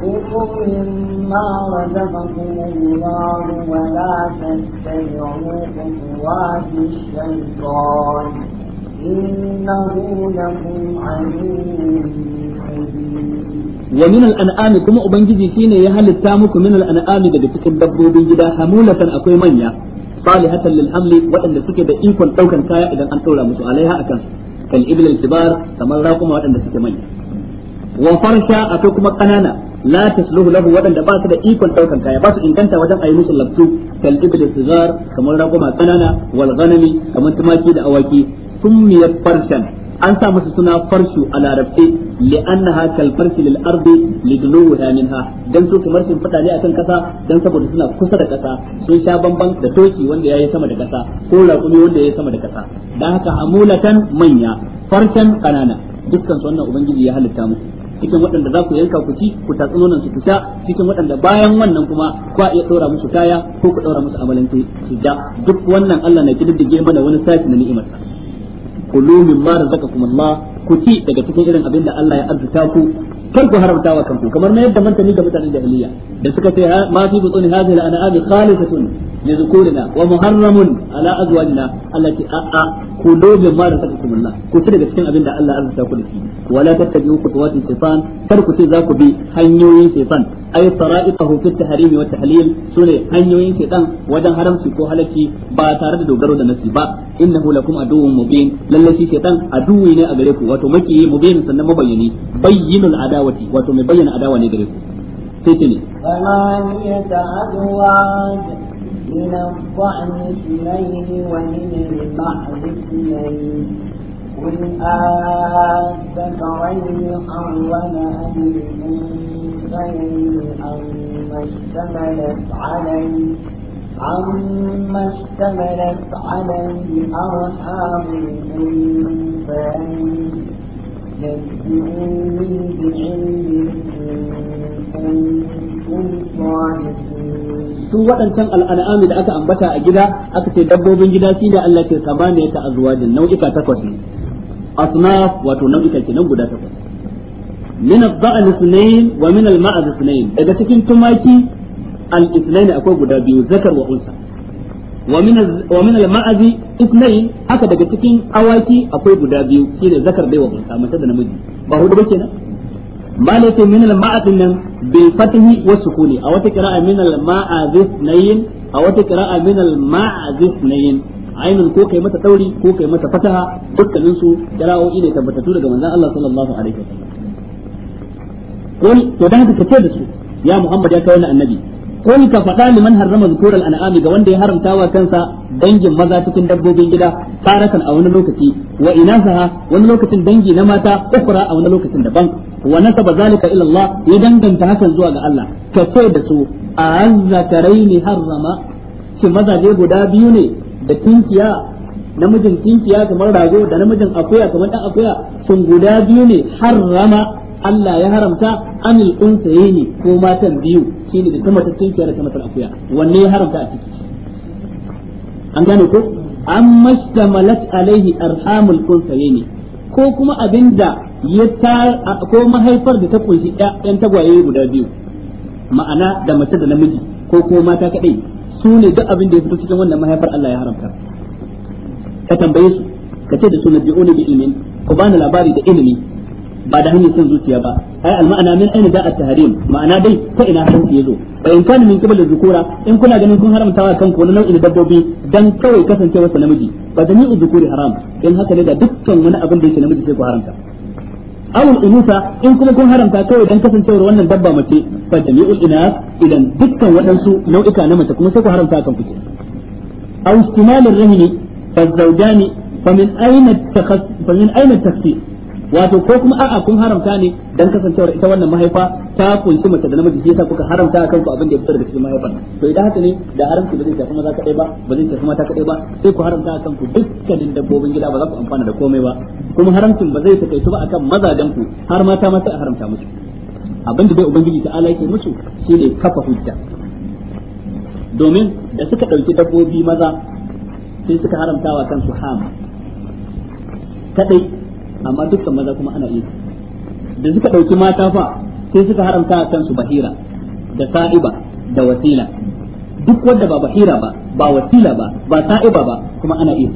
كلوا مما رزقكم الله ولا تتبعوا خطوات الشيطان إنه لكم wa minal al'an'ami kuma ubangiji shine ya halitta muku minal al'an'ami daga cikin dabbobin gida hamulatan akwai manya salihatan lil hamli waɗanda suke da ikon daukan kaya idan an daura musu alaiha akan kal ibn al kibar kamar raquma waɗanda suke manya wa farsha akwai kuma kanana la tasluhu lahu waɗanda ba su da ikon daukan kaya ba su inganta wajen ayi musu laftu kal ibn al sigar kamar raquma kanana wal ghanami kamar tumaki da awaki summiyat farshan an sa masa suna farshu a larabce li'annaha kal farshi lil ardi lidluha minha dan su kamar sun fada ne akan kasa don saboda suna kusa da kasa sun sha bamban da toki wanda yayi sama da kasa ko raƙumi wanda yayi sama da kasa da haka amulatan manya farshan kanana dukkan su wannan ubangiji ya halitta musu cikin waɗanda za ku yanka ku ku tatsi nonon su ku sha cikin waɗanda bayan wannan kuma ku iya ɗora musu kaya ko ku ɗora musu amalanci su da duk wannan Allah na kididdige mana wani sashi na ni'imarsa kulu mimma razaqakum Allah ku ci daga cikin irin abin da Allah ya arzuta ku kar ku haramta wa kanku kamar na yadda mantani ga mutanen jahiliya da suka ce ma fi butuni hadhihi al-an'am khalisatun لذكورنا ومحرم على أزواجنا التي كلوا مما رزقكم الله كنت daga cikin abin da Allah arzuta ku da shi wala tattabi'u khutuwatin shaytan kar ku ce za ku bi hanyoyin shaytan ay sara'iqahu fi at-tahrim wa at-tahlil sune hanyoyin shaytan wajen haramci ko halaki ba tare da dogaro da nasi ba innahu lakum aduwwun mubin lalle shi shaytan aduwi ne a gare ku wato makiyi mubin sannan mabayyani bayyinul adawati wato mai bayyana adawa ne gare ku sai ce ne من الطعم اثنين ومن البحر اثنين قل أذكرين حرم أم الأنثيين أم اشتملت علي عما اشتملت علي أرحام الأنثيين نبئوني بعلم الأنثيين su waɗancan al'an'ami da aka ambata a gida aka ce dabbobin gida shi da Allah ke saba ne ta azwajin nau'ika takwas ne asnaf wato nau'ika kenan guda takwas min al-ba'd ithnain wa min al-ma'd ithnain daga cikin tumaki al-ithnain akwai guda biyu zakar wa unsa wa min al-ma'd ithnain haka daga cikin awaki akwai guda biyu shine zakar bai wa unsa mace da namiji ba hudu ba kenan malaka min al ma'adin nan bil fatihi wa sukuni a wata qira'a min al nayin a wata qira'a min al nayin ainun ko kai mata tauri ko kai mata fataha dukkanin su qira'o'i ne tabbatattu daga manzon Allah sallallahu alaihi wasallam kun to da haka da su ya Muhammad ya kai annabi kun ka faɗa liman harrama zukural an'ami ga wanda ya haramta wa kansa dangin maza cikin dabbobin gida farakan a wani lokaci wa inasaha wani lokacin dangi na mata ukura a wani lokacin daban wa nasaba zalika ila Allah ya danganta hakan zuwa ga Allah ka ce da su a azzakaraini harrama shin mazaje guda biyu ne da tinkiya namijin tinkiya kamar rago da namijin akuya kamar dan akuya sun guda biyu ne harrama Allah ya haramta anil unsayni ko matan biyu shine da tamatar tinkiya da tamatar akuya wanne ya haramta a ciki an gane ko amma shtamalat alaihi arhamul unsayni ko kuma abinda ya ta ko mahaifar da ta kunshi ɗan tagwaye guda biyu ma'ana da mace da namiji ko ko mata kadai su ne duk abin da ya fito cikin wannan mahaifar Allah ya haramta ka tambaye su ka ce da su na bi'uni bi ilmin ku bani labari da ilimi ba da hanyar sun zuciya ba ai alma'ana min aina da at-tahrim ma'ana dai ta ina haramci yazo fa in kana min qibla zukura in kuna ganin kun haramta wa kanku wani nau'in dabbobi dan kawai kasancewa namiji fa da ni zukuri haram in haka ne da dukkan wani abin da yake namiji sai ku haramta أو الأنوثة إن كما كون هرم تاكوي دان كسن تور وانا الدبا متي فجميع الإناث إذا دكا ونسو نو إكا نما تكو مستكو هرم تاكم فيك أو استمال الرهن فالزوجان فمن أين التخصيص فمن أين التخصيص wato ko kuma a'a kun haramta ne dan kasancewar ita wannan mahaifa ta kunshi mace da namiji shi yasa kuka haramta akan ku abin da ya fitar da cikin mahaifar to idan haka ne da haramci ba zai shafi maza kadai ba ba zai shafi mata kadai ba sai ku haramta akan ku dukkanin dabbobin gida ba za ku amfana da komai ba kuma haramcin ba zai takaitu ba akan mazajen ku har mata ma sai a haramta musu abin da bai ubangiji ta ala yake musu shine kafa hujja domin da suka dauki dabbobi maza sai suka haramta wa kansu ham kadai amma dukkan maza kuma ana iya da suka dauki mata fa sai suka haramta kansu bahira da sa'iba da wasila duk wanda ba bahira ba ba wasila ba ba sa'iba ba kuma ana iya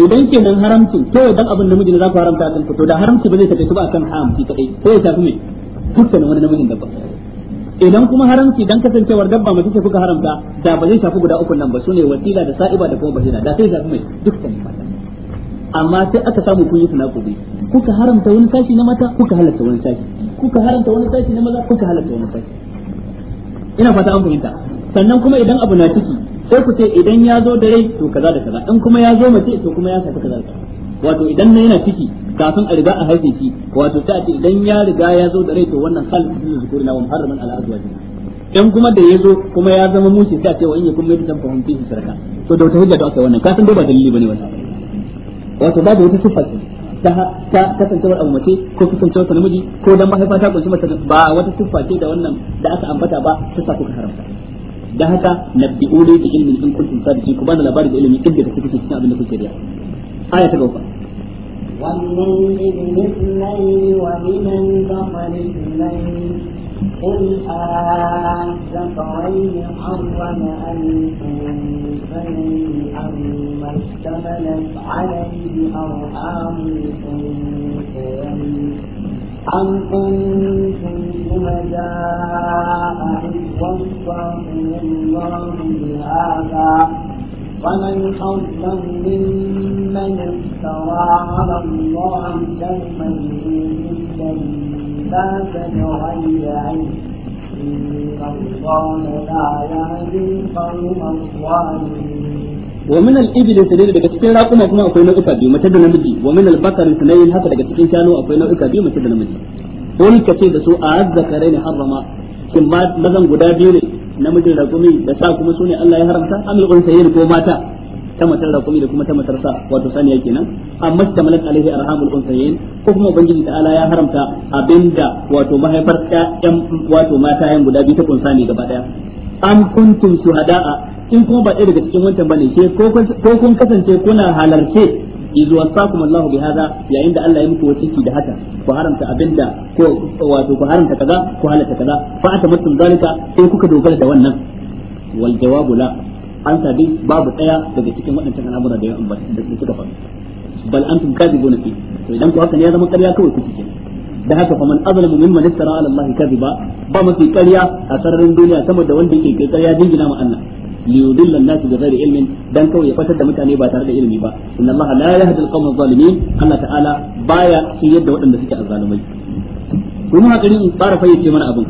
idan kenan haramci to idan abin namiji ne za ku haramta a kanku to da haramci ba zai tafi ba kan haram shi kadai sai ya shafi mai dukkanin wani namijin dabba idan kuma haramci dan kasancewar dabba mace ce kuka haramta da ba zai shafi guda uku nan ba sune wasila da sa'iba da kuma bahira da sai ya shafi mai dukkanin mata amma sai aka samu kun yi tunakuri kuka haramta wani sashi na mata kuka halatta wani sashi kuka haramta wani sashi na maza kuka halatta wani sashi ina fata an fahimta sannan kuma idan abu na ciki sai ku ce idan ya zo da rai to kaza da kaza in kuma ya zo mace to kuma ya saka kaza da kaza wato idan na yana ciki kafin a riga a haife shi wato ta ce idan ya riga ya zo da rai to wannan khalid bin zikuri na muharraman al'adu azwaji dan kuma da ya zo kuma ya zama mushi sai a ce wa in kuma mai tan fahimti shi sarka to da wata hujja da aka wannan ka san dai ba dalili bane wannan wato babu wata siffa ta ta kasancewar abu mace ko kasancewar ta namiji ko dan mahaifa ta kunshi mace ba wata siffa ce da wannan da aka ambata ba ta sa kuka haramta da haka nabbi'uni bi ilmin in kuntum sadiqin ku ta labari da ilimi duk da kuke cikin abin da kuke riya aya ta gaba والليل بمثلين ta البقر اثنين قل أذكرين حرم أنثيين أم اشتملت عليه أرحام الأنثيين أم كنتم شهداء إذ وصاكم الله بهذا فمن أظلم ممن افترى على الله كلمة إلا الناس بغير علم إن الله لا يهدي القوم الظالمين ومن الإبل سنين daga cikin raƙuma kuma akwai nau'uka biyu mace da namiji wa min al-bakar sanayin haka daga cikin shanu akwai nau'uka biyu mace da namiji kun kace da su a zakarain harrama shin ma mazan guda biyu ne namijin raƙumi da sa kuma sune Allah ya haramta amil unsayin ko mata ta matar rakumi da kuma ta matar sa wato saniya kenan amma tamalat alaihi arhamul unsayin ko kuma ubangiji ala ya haramta abinda wato mahaifar ƴan wato mata yan guda biyu ta kunsa ne gaba daya am kuntum shuhada'a in kuma ba ɗaya daga cikin wancan bane ke ko kun kasance kuna halarce izu wasakum Allahu bi hada yayin da Allah ya muku wasiki da haka ku haramta abinda ko wato ku haramta kaza ku halatta kaza fa atamattum zalika sai kuka dogara da wannan wal jawabu la an sabi babu daya daga cikin waɗancan al'amura da ya ambata da suka faɗi bal antum kadibuna fi to idan ku haka ne ya zama ƙarya kawai kuke kenan da haka fa man azlamu mimman istara ala Allah kadhiba ba mafi ƙarya a sararin duniya sama da wanda yake ƙarya dingina ma Allah li yudilla an-nas bi ghairi ilmin dan kawai ya fatar da mutane ba tare da ilimi ba inna Allah la yahdi al-qawm adh-dhalimin Allah ta'ala baya shi yadda waɗanda suke azzalumai kuma hakari in fara fayyace mana abin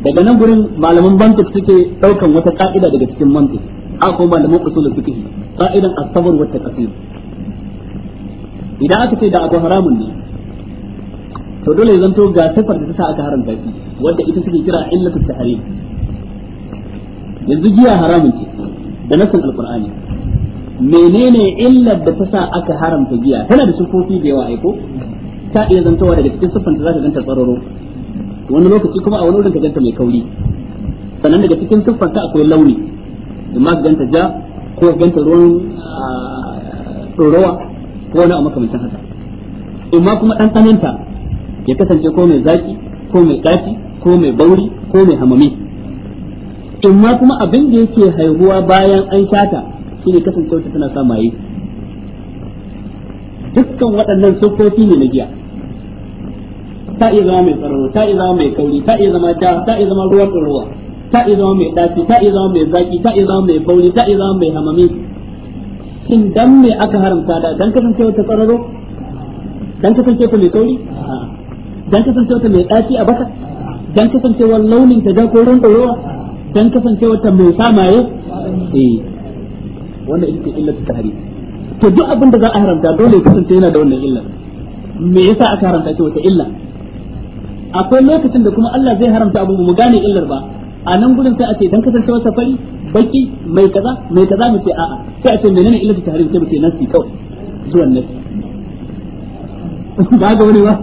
daga nan gurin malaman bantuk suke daukan wata ka'ida daga cikin mantuk a ko malaman usul fiqh ka'idan as-sabr wa taqsir idan aka ce da abu haramun ne to dole zan to ga sifar da ta sa aka haramta shi wanda ita suke kira illatul tahrim yanzu giya haramun ce da nasan alqur'ani menene illar da ta sa aka haramta giya tana da sufofi da yawa aiko ta iya zantowa daga cikin siffanta za ka ganta tsararo wani lokaci kuma a wani wurin ka ganta mai kauri sannan daga cikin siffarta akwai launi amma ka ganta ja ko ganta ruwan tsorowa ah, ko wani a makamancin haka amma kuma tsananta ya kasance ko mai zaki ko mai ɗaci ko mai bauri ko mai hamami amma kuma abin da yake haihuwa bayan an shata shine kasancewa tana sa maye dukkan waɗannan siffofi ne na giya ta iya zama mai tsaro ta iya zama mai kauri ta iya zama ta ta iya zama ruwa ruwa ta iya zama mai daci ta iya zama mai zaki ta iya zama mai bauli ta iya zama mai hamami shin dan me aka haramta da dan kasance wata tsararo dan kasance ta mai kauri dan kasance wata mai daci a baka dan kasancewar launin ta da ko ruwan ɗorowa dan kasance wata mai samaye eh wannan ita ce illar tahrim to duk abin da za a haramta dole kasance yana da wannan illa. me yasa aka haramta shi wata illa akwai lokacin da kuma Allah zai haramta abu mu gane illar ba a nan gurin sai a ce dan kasance wasa fari baki mai kaza mai kaza mu ce a'a sai a ce menene illar ta harim sai mu ce nasi kawai zuwan nasi ba ga wani ba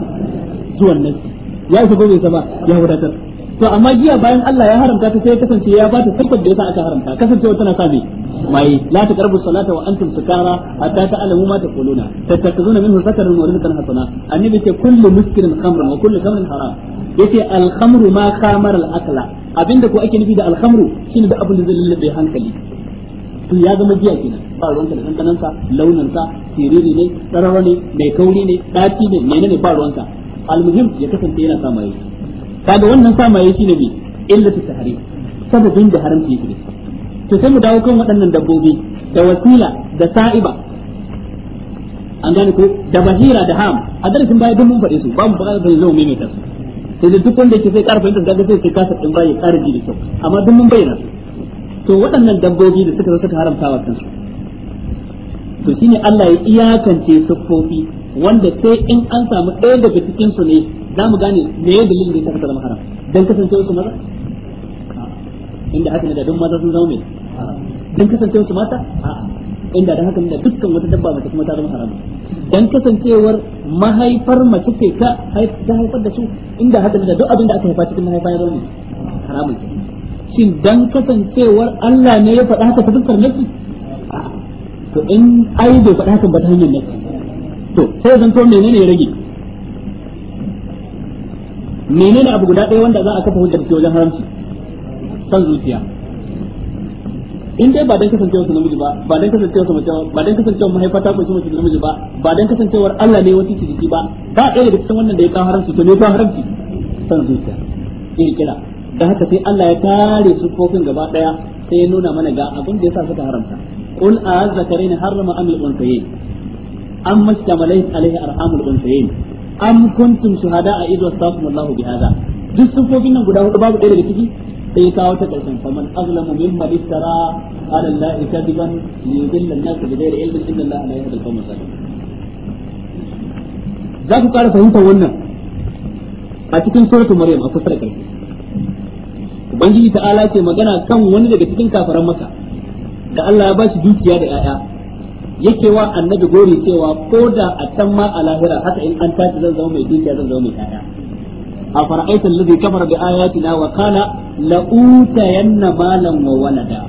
zuwan nasi ya isa gobe sa ba ya wadatar to amma jiya bayan Allah ya haramta ta sai kasance ya ba ta sabbar da yasa aka haramta kasancewa tana sa mai la taqrabu salata wa antum sukara hatta ta'lamu ma ta tattakhuzuna minhu sakaran wa rizqan hasana annabi ce kullu muskirin khamrun wa kullu khamrin haram yace al khamru ma khamara al akla abinda ko ake nufi da al khamru shine da abin da zai lullube hankali to ya zama jiya kenan ba ruwanka da dandanansa launinsa siriri ne tsararra ne mai kauri ne dati ne menene ba ruwanka almuhim ya kasance yana sa maye kaga wannan sa maye shine bi illatu tahrim sababin da haramci yake to sai mu dawo kan waɗannan dabbobi da wasila da sa'iba an gane ko da bahira da ham a darasin baya duk mun faɗe su ba mu buƙatar da zo mai su sai da duk wanda yake sai ƙara fahimtar gaga sai sai kasa ɗin baya ƙara ji da kyau amma duk mun bayyana su to waɗannan dabbobi da suka zo suka haramta wa kansu to shine Allah ya iyakance sufofi wanda sai in an samu ɗaya daga cikin su ne za mu gane me ya dalilin da ya saka zama haram dan kasancewa su maza inda haka ne da duk mata sun zama mai dan kasancewar su mata inda dan haka ne da dukkan wata dabba mace kuma ta zama haram dan kasancewar mahaifar mace ce ta haifar da su inda haka ne da duk abin da aka haifa cikin mahaifa ya zama haramun shin dan kasancewar Allah ne ya faɗa haka ta fuskar nasi to in ai bai faɗa haka ba ta hanyar nasi to sai zan to menene ya rage menene abu guda ɗaya wanda za a kafa hujjar wajen haramci san zuciya in dai ba dan kasancewa su namiji ba ba dan kasancewa su mace ba dan kasancewa mahaifa ta kunshi mace namiji ba ba dan kasancewar Allah ne wasi ciki ba ba ɗaya daga cikin wannan da ya kawo haramci to ne ba haramci san zuciya in kira da haka sai Allah ya tare su kofin gaba daya sai ya nuna mana ga abin da sa suka haramta qul azzakarain harrama am unsayin unthayayn am mastamalayt alayhi arhamul unsayin am kuntum shuhada'a idh wasaqakum Allahu bihadha duk sun kofin nan guda hudu babu ɗaya daga ciki sai kawo ta ƙarshen kamar azlamu min malistara ala kadiban li nasu bi ilmin inda yahdi al za ku ƙara fahimtar wannan a cikin suratu maryam a kusa da ƙarfi? ubangiji ta'ala ce magana kan wani daga cikin kafaran maka da Allah ya ba shi dukiya da 'ya'ya yake wa annabi gori cewa ko da a can ma a lahira haka in an tashi zan zama mai dukiya zan zama mai 'ya'ya afara'aita alladhi kafara bi ayatina wa qala la utayanna malan wa walada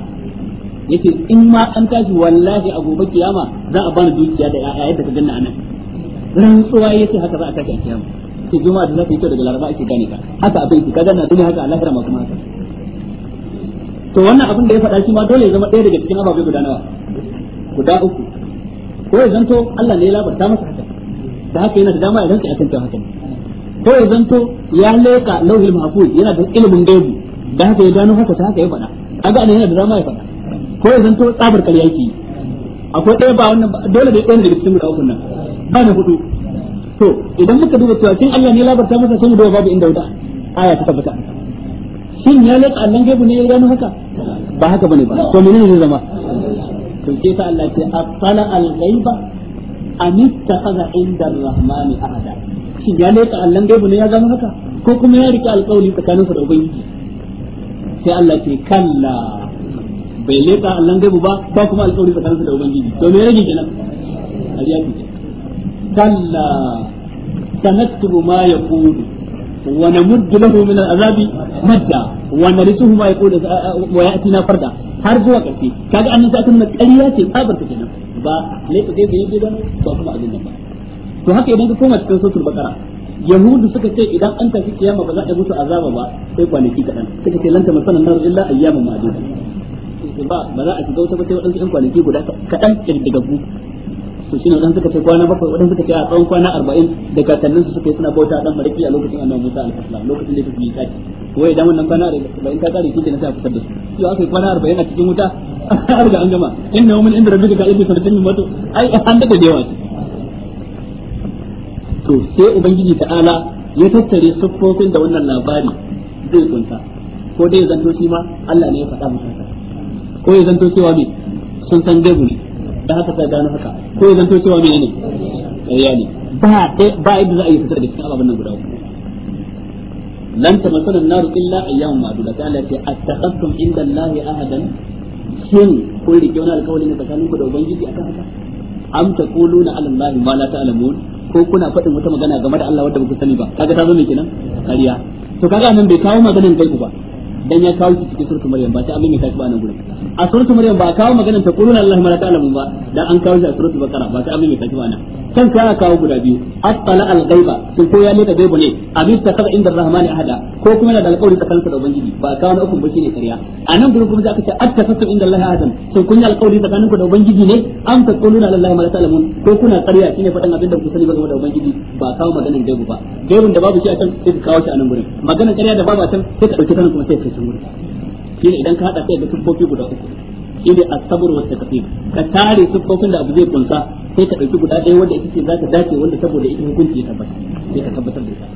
yace in ma an tashi wallahi a gobe kiyama za a bani dukiya da ƴaƴa yadda ka ganna anan rantsuwa yace haka za a tashi a kiyama ce juma'a da za ta yi daga laraba ake gane ka haka ka ganna duniya haka Allah kira kuma haka to wannan abin da ya faɗa shi ma dole ya zama ɗaya daga cikin ababe guda nawa guda uku ko ya zanto Allah ne ya labarta masa haka da haka yana da dama ya rantsa haka ne ko ya zanto ya leka lauhil mafu yana da ilimin gaibi da haka ya gano haka ta haka ya faɗa kaga anan yana da dama ya faɗa ko ya zanto tsabar ƙarya yake akwai ɗaya ba wannan dole da ɗaya daga cikin guda uku nan ba na hudu to idan muka duba cewa kin Allah ne labarta masa sai mu duba babu inda wuta aya ta tabbata shin ya leka Allah gaibi ne ya gano haka ba haka bane ba to menene zai zama to sai ta Allah ce afala al-ghaiba anista kaza inda rahmani ahada shin ya leka allan gaibu ne ya zama haka ko kuma ya rike alƙawari tsakaninsa da ubangiji sai Allah ce kalla bai leta allan gaibu ba ba kuma alƙawari tsakaninsa da ubangiji to me rage kenan ariyaki kalla sanaktubu ma yaqulu wa namuddu lahu min al'azabi madda wa narisuhu ma yaqulu wa ya'tina farda har zuwa ƙarshe kaga annabi sai aka nuna ƙarya ce tsabar ta kenan ba ne laifi zai bai yi ba to kuma abin nan ba to haka idan ka koma cikin suratul bakara yahudu suka ce idan an tafi kiyama ba za a musu azaba ba sai kwanaki kaɗan suka ce lanta masana nar illa ayyamun ma'duda ba ba za a shiga wata ba sai waɗansu ɗan kwanaki guda kaɗan ƙirɗigaggu to shine waɗansu suka ce kwana bakwai waɗansu suka ce a tsawon kwana arba'in da kakannin su suka yi suna bauta ɗan mariki a lokacin annabi musa alaihi salam lokacin da ya tafi yi wai idan wannan kwana in ta kare kike na sai a fitar da su yau aka kwana 40 a cikin wuta har ga an gama inna yawmin inda rabbika ka ilmi sanatin min mato ai an da yawa to sai ubangiji ta'ala ya tattare siffofin da wannan labari zai kunta ko dai zanto shi ma Allah ne ya faɗa musu ko ya zanto cewa me sun san gaibu ne da haka sai gano haka ko ya zanto cewa me ne ya ne ba ba yadda za a yi fitar da cikin ababen nan guda uku lan tamassana an-nar illa ayyaman ma'duda ta Allah ya attaqattum inda Allah ahadan shin kun rike wani alƙawari ne tsakaninku da ubangiji akan haka am taquluna ala Allah ma la ta'lamun ko kuna faɗin wata magana game da Allah wadda ba ku sani ba kaga ta zo ne kenan kariya to kaga nan bai kawo maganin kai ku ba dan ya kawo shi cikin suratul maryam ba ta abin mai ta ba nan gurin a suratul maryam ba kawo maganar ta quluna allahi ma la ta'lamu ba dan an kawo shi a suratul baqara ba ta abin mai ta ba nan kan ka kawo guda biyu attala al ghaiba sun ko ya mika gaibu ne abin ta kaza inda rahman ahada ko kuma na da alƙawari tsakaninsa da ubangiji ba kawo na uku ba shine kariya a nan gurin kuma za ka ce atta attakasu inda allahi ahadan sun kun yi alƙawari tsakaninku da ubangiji ne an ta quluna allahi ma la ta'lamun ko kuna kariya shine faɗan abin da ku sani ba game da ubangiji ba kawo maganar gaibu ba gaibun da babu shi a can sai ka kawo shi a nan gurin maganar kariya da babu a can sai ka ɗauki kanka kuma sai ka wancan gurin shine idan ka hada da siffofi guda uku wa takfir ka tare siffofin da abu zai kunsa sai ka dauki guda ɗaya wanda ita ce dace wanda saboda ita hukunci ya tabbata sai ka tabbatar da ita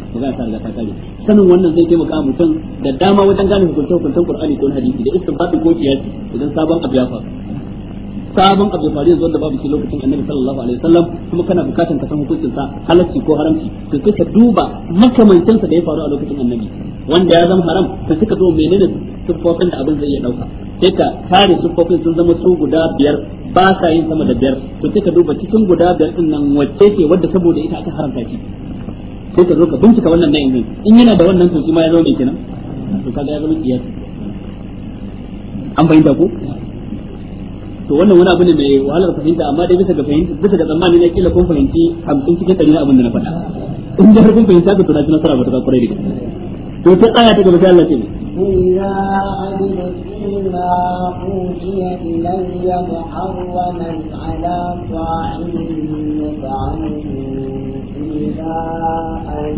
riga kare sanin wannan zai taimaka mutum da dama wajen gane hukuncen hukuncen Qur'ani ko hadisi da istinbatin ko kiyasi idan sabon abu ya faru sabon abu faru yanzu wanda babu shi lokacin annabi sallallahu alaihi wasallam kuma kana bukatan ka san hukuncin sa halalci ko haramci to sai ka duba makamancin sa da ya faru a lokacin annabi wanda ya zama haram to sai ka duba menene siffofin da abin zai iya dauka sai ka kare siffofin sun zama su guda biyar ba sa yin sama da biyar to sai ka duba cikin guda biyar din nan wacce ce wadda saboda ita aka haramta shi sai ka zo ka bincika wannan na yanzu in yana da wannan to shi ma ya zo mai kenan to kaga ya zama kiyasi an bayyana ko to wannan wani abu ne mai wahalar fahimta amma dai bisa ga fahimta bisa ga tsammani na kila kun fahimci hamsin cikin ɗari na abin da na faɗa in da kun fahimta ka tunaci nasara ba ta kwarai da gaske to ta tsaya ta gaba sai Allah ce قل إلا أن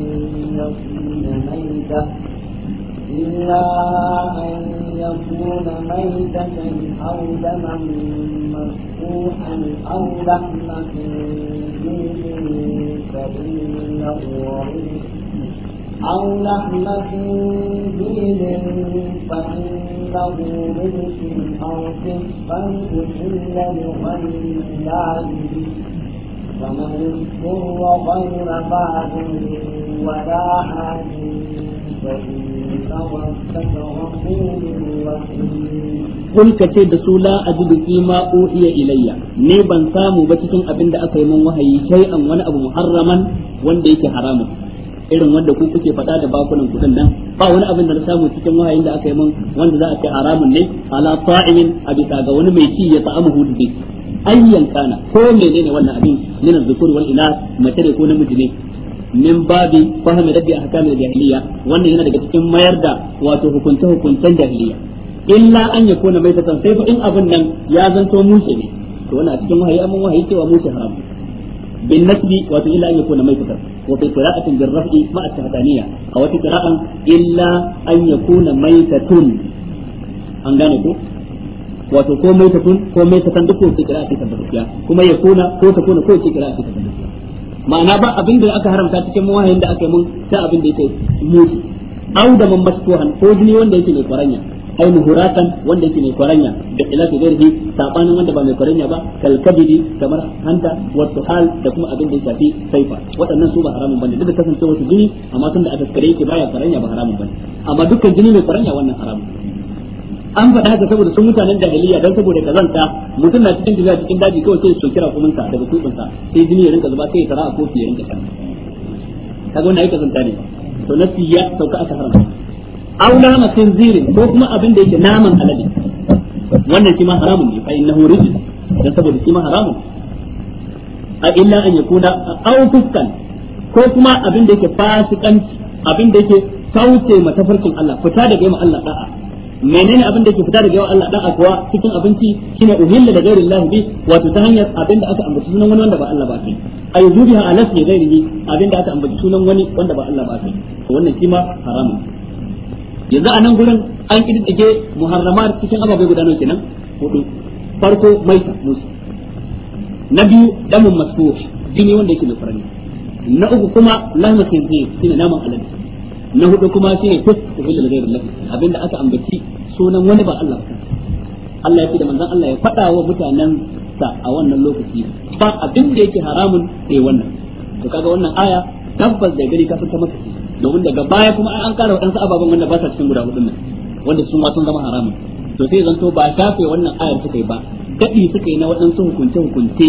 يكون ميتا إلا أن يكون ميتة أو دما مسفوحا أو لحم خنزير فإنه أو لحم خنزير فإنه رجس أو كسفا أحل لغير الله فمن اضطر غير باغ ولا حاج Kun ka ce da su la ajidu fi ma uhiya ilayya ne ban samu ba cikin abin da aka yi min wahayi sai an wani abu muharraman wanda yake haramun irin wanda ku kuke faɗa da bakunan kudin nan ba wani abin da na samu cikin wahayin da aka yi min wanda za a ce haramun ne ala ta'imin a bisa ga wani mai ci ya ta'amu hudu ayyan kana ko menene wannan abin min az-zukur wal inath mace ne ko namiji ne min babi fahimi rabbi ahkamil jahiliya wannan yana daga cikin mayar da wato hukunce hukuncen jahiliya illa an yakuna mai tatan sai fa in abin nan ya zanto mushe ne to wannan a cikin wahayi amma wahayi cewa mushe haram bin nasbi wato illa an yakuna mai tatan wa fi qira'atin bil raf'i ma at-tahdaniya aw fi qira'an illa an yakuna mai tatun an gane ko wato ko mai ta kun ko mai ta kan duk ko kira ake tabbata kuma ya kuna ko ta kuna ko kira ake tabbata ma'ana ba abin da aka haramta cikin mawahin da aka yi mun sai abin da yake mutu au da man masfuhan ko jini wanda yake mai kwaranya ai muhuratan wanda yake mai kwaranya da ta garbi sabanin wanda ba mai kwaranya ba kalkabidi kamar hanta wato hal da kuma abin da ya shafi saifa waɗannan su ba haramun bane duk da kasancewa su jini amma tunda aka kare yake baya kwaranya ba haramun bane amma dukkan jini mai kwaranya wannan haramun an faɗa haka saboda sun mutanen jahiliya dan saboda kazanta mutum na cikin tafiya cikin daji kawai sai su kira kuminsa daga tutsinsa sai jini ya rinka zuba sai ya tara a kofi ya rinka shan kaga wannan ai kazanta ne to nasi ya sauka aka haramta aw nama khinzirin ko kuma abin da yake naman alade wannan shi ma haramun ne fa innahu rijis dan saboda shi ma haramun a illa an yakuna aw fuskan ko kuma abin da yake fasikanci abin da yake kauce farkin Allah fita daga yamma Allah da'a menene abin da ke fita daga yawan Allah dan akwa cikin abinci shine uhilla da gairin Allah bi wato ta hanyar abin da aka ambaci sunan wani wanda ba Allah ba kai ayu zubiha ala fi ghairihi abin da aka ambaci sunan wani wanda ba Allah ba kai wannan kima haramun yanzu a nan gurin an kididdige muharramar cikin ababai guda nawa kenan hudu farko mai musu na biyu damun masfuh jini wanda yake mai farani na uku kuma lahmatin zai shine naman alade na hudu kuma shi shine kus bil ghairin lafi abinda aka ambaci sunan wani ba Allah ba Allah ya ce da manzon Allah ya fada wa mutanen sa a wannan lokaci ba abin da yake haramun sai wannan to kaga wannan aya tabbas da gani ka ta maka domin daga baya kuma an kara waɗansu ababen wanda ba sa cikin guda hudun nan wanda sun ma sun zama haramun to sai zanto ba shafe wannan ayar suka yi ba dadi suka yi na waɗansu hukunce hukunce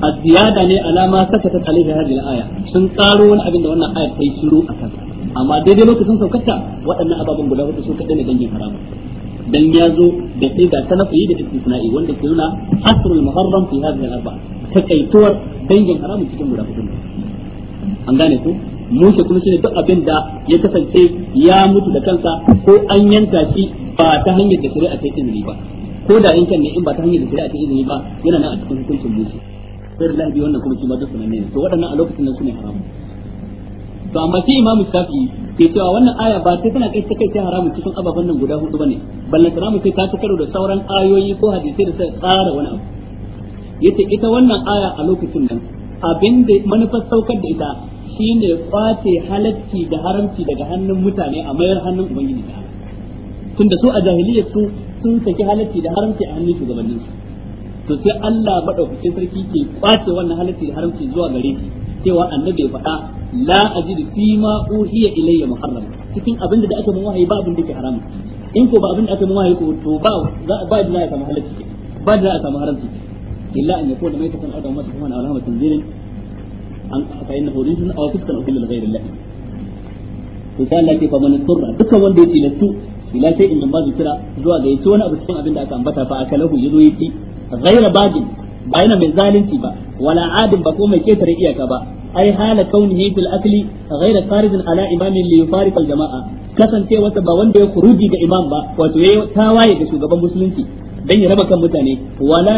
a ziyada ne alama sakatat alaihi hadhihi aya sun karo wani abin da wannan ayar ta shiru a kansa amma daidai lokacin saukarta waɗannan ababen guda hudu su kaɗai ne dangin haramun dan ya zo da sai ga sanafi da istisna'i wanda ke nuna asrul muharram fi hadhihi al-arba takaituwar dangin haramun cikin guda hudu an gane ko mushe kuma shine duk abin da ya kasance ya mutu da kansa ko an yanka shi ba ta hanyar da shari'a ta izini ba ko da yankan ne in ba ta hanyar da shari'a ta izini ba yana nan a cikin hukuncin mushe sai da lahabi wannan kuma shi ma duk sananne ne to waɗannan a lokacin nan su ne haramun to amma shi imamu shafi'i ke cewa wannan aya ba ta tana kai ta kai haramun cikin ababen nan guda hudu bane ballan salamu sai ta ci karo da sauran ayoyi ko hadisi da sai tsara wani abu yace ita wannan aya a lokacin nan abin da manufar saukar da ita shine kwace halacci da haramci daga hannun mutane a mayar hannun ubangiji ta tunda su a jahiliyyar su sun saki halacci da haramci a hannun shugabannin su to sai Allah madaukakin sarki ke kwace wannan halacci da haramci zuwa gare shi cewa annabi ya faɗa la ajidu fi ma uhiya ilayya muharram cikin abin da aka mun wahayi ba abin ke haramun in ko ba abin aka mun wahayi ko to ba ba da za a samu halacci ba da za a samu haramci illa an yakuna maitatan aw dama subhan aw lahma tanzilin an fa innahu rizqun aw fiskan uhilla li ghayri allah to sai Allah ke fa man turra dukkan wanda ya tilastu ila zuwa wani abu ba yana mai zalunci ba wala adin ba ko mai ketare iyaka ba ai hala kaunihi fil akli ghayra qaridin ala imamin li yufariq al jama'a kasancewarsa ba wanda ya kuruji ga imam ba wato ya tawaye da shugaban musulunci dan ya raba kan mutane wala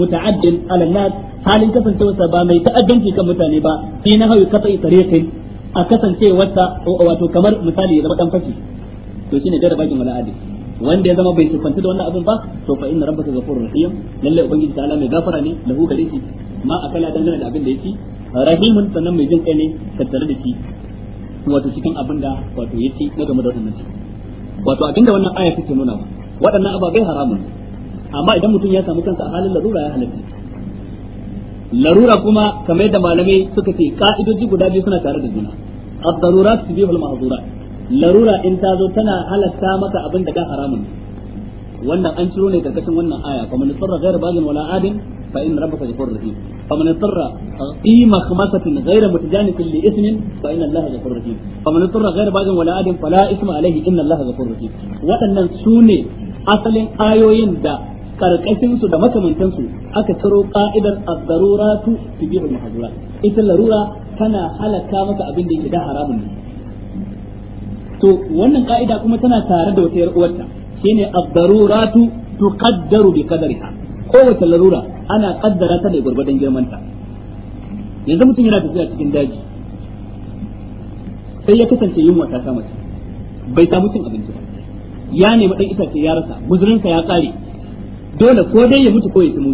muta'addin ala nas halin kasancewarsa ba mai ta'addanci kan mutane ba fi nahawi qat'i tariqin a kasancewarsa wato kamar misali ya zama dan fashi to shine jarabakin wala adin wanda ya zama bai sifanta da wannan abin ba to fa inna rabbaka ghafurur rahim lalle ubangiji ta'ala mai gafara ne lahu gare shi ma akala dangane da abin da yake rahimun sannan mai jin kai ne tattare da shi wato cikin abin da wato yake na game da wannan wato abin da wannan aya take nuna ba waɗannan ababai haramun amma idan mutum ya samu kansa a halin larura ya halatta larura kuma kamar da malamai suka ce ka'idoji guda biyu suna tare da juna ad-darurat tubihul mahzurat larura in ta zo tana halatta maka abin da ga haramun wannan an ciro ne karkashin wannan aya kuma ni tsarra ghayra bagin wala adin fa in rabbaka ghafurur rahim فمن اضطر في مخمسة غير متجانف لإثم فإن الله غفور رحيم فمن اضطر غير باغ ولا آدم فلا إثم عليه إن الله غفور رحيم waɗannan su ne asalin ayoyin da karkashinsu da makamantansu aka ciro ka'idar ad-daruratu tubihul mahzurat ita larura tana halatta maka abin da yake da haramun ne to wannan ka'ida kuma tana tare da wata yar uwarta shine ad-daruratu tuqaddaru bi qadariha kowace larura ana kaddara ta da gurbadan girman ta yanzu mutum yana tafiya cikin daji sai ya kasance yunwa ta sama masa bai samu cin abinci ba ya nemi dan itace ya rasa guzurinsa ya kare dole ko dai ya mutu ko ya ci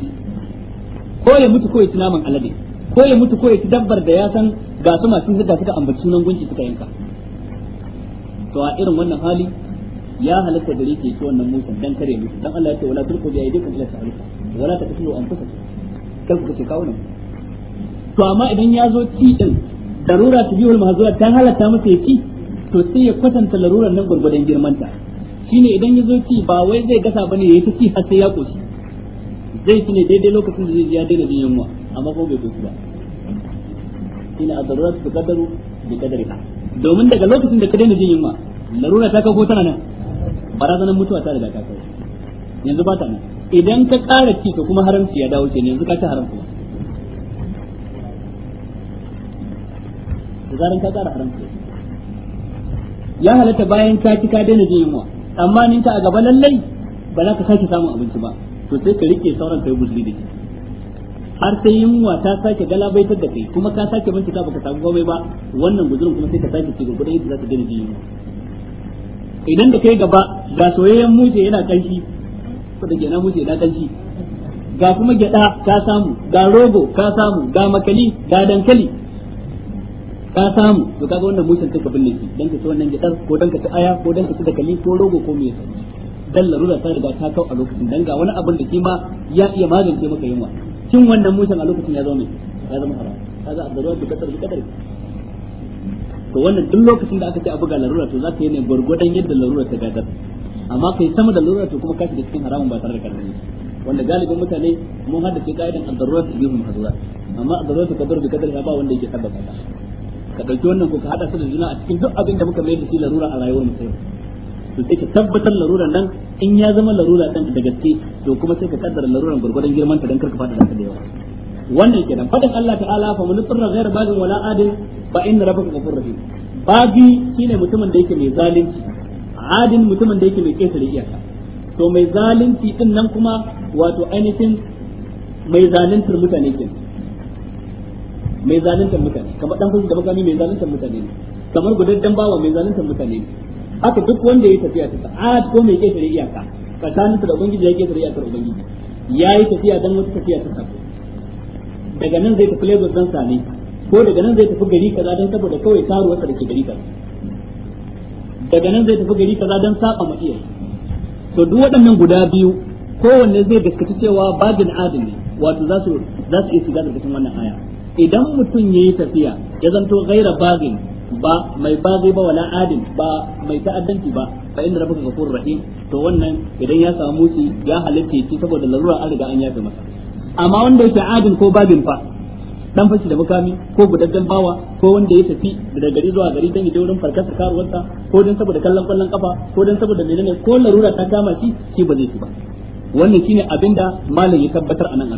ko ya mutu ko ya ci naman alade ko ya mutu ko ya ci dabbar da ya san ga su masu zuga suka ambaci sunan gunki suka yanka to a irin wannan hali ya halatta gare ke ki wannan musan dan kare mutu dan Allah ya ce wala tulqu bi aydikum ila ta'aluka wala taqtulu anfusakum kar ku kace ne. to amma idan ya zo ci din darura ta biyul mahzura ta halatta masa ya ci to sai ya kwatanta larurar nan gurgurdan ta shine idan ya zo ci ba wai zai gasa bane yayi ta ci har sai ya koshi zai ci ne daidai lokacin da zai ji ya daina jin yunwa amma ko bai koshi ba ina adarrat bi qadaru bi qadariha domin daga lokacin da ka daina jin yunwa larura ta kawo tana nan barazanar mutuwa ta riga ta kawo yanzu ba ta nan idan ka ƙara ci ka kuma haramci ya dawo kenan yanzu ka ci haramci kuma da zaran ka ƙara haramci ya halatta bayan ka ci ka daina jin yunwa amma ninka a gaba lallai ba za ka sake samun abinci ba to sai ka rike sauran kai guzuri da shi har sai yunwa ta sake galabaitar da kai kuma ka sake bincika baka samu komai ba wannan guzurin kuma sai ka sake ci gurgurdan yadda za ka gina jini idan da kai gaba ga soyayyen mushe yana kanshi ko da gena mushe yana kanshi ga kuma gyaɗa ka samu ga rogo ka samu ga makali ga dankali ka samu to kaga wannan mushin take binne shi dan ka ci wannan gyaɗar ko dan ka ci aya ko dan ka ci dankali ko rogo ko me dan larura ta riga ta kau a lokacin dan ga wani abin da ma ya iya magance maka yunwa cin wannan mushen a lokacin ya zama mai ya zama haram ka za a abdaruwa da kasar da kadari to wannan duk lokacin da aka ce a buga larura to za ka yi ne gwargwadon yadda larura ta gadar amma kai sama da larura to kuma ka shiga cikin haramun ba tare da kadari wanda galibin mutane mun hada ce ka'idan addaruwa ta ibn mahzura amma addaruwa ta kadar da kadari ba wanda yake sabbata ka dauki wannan ko ka hada su da juna a cikin duk abin da muka mai da shi larura a rayuwar mu sai to sai ka tabbatar laruran nan in ya zama larura ɗan da gaske to kuma sai ka kaddara laruran gurgurdan girman ta dan karka fada da yawa wannan kenan fadin Allah ta'ala fa mun tsirra ghayr bagin wala adil fa inna rabbaka ghafurur rahim babi shine mutumin da yake mai zalunci adin mutumin da yake mai kesare iyaka to mai zalunci din nan kuma wato ainihin mai zaluntar mutane kenan mai zaluntar mutane kamar dan da makami mai zaluntar mutane ne kamar gudaddan bawa mai zaluntar mutane ne haka duk wanda ya tafiya ta sa'ad ko mai ƙetare iyaka tsakanin da ubangiji ya ƙetare iyakar ubangiji ya yi tafiya dan wata tafiya ta sako daga nan zai tafi Lagos dan sami ko daga nan zai tafi gari kaza don saboda kawai karuwarsa da ke gari kaza daga nan zai tafi gari kaza dan saba ma iyaye to duk waɗannan guda biyu kowanne zai gaskata cewa babin adali wato za su za su iya shiga cikin wannan aya idan mutum ya yi tafiya ya zanto gaira bagin ba mai bazi ba wala adin ba mai ta'addanci ba fa inna rabbuka ghafurur rahim to wannan idan ya samu shi ya halitta shi saboda larura an riga an yafe masa amma wanda yake adin ko babin fa dan fashi da mukami ko gudaddan bawa ko wanda ya tafi daga gari zuwa gari dan ya wurin farkasa karuwarsa ko dan saboda kallon kallon kafa ko dan saboda menene ko larura ta kama shi shi ba zai ci ba wannan shine abinda malam ya tabbatar a nan a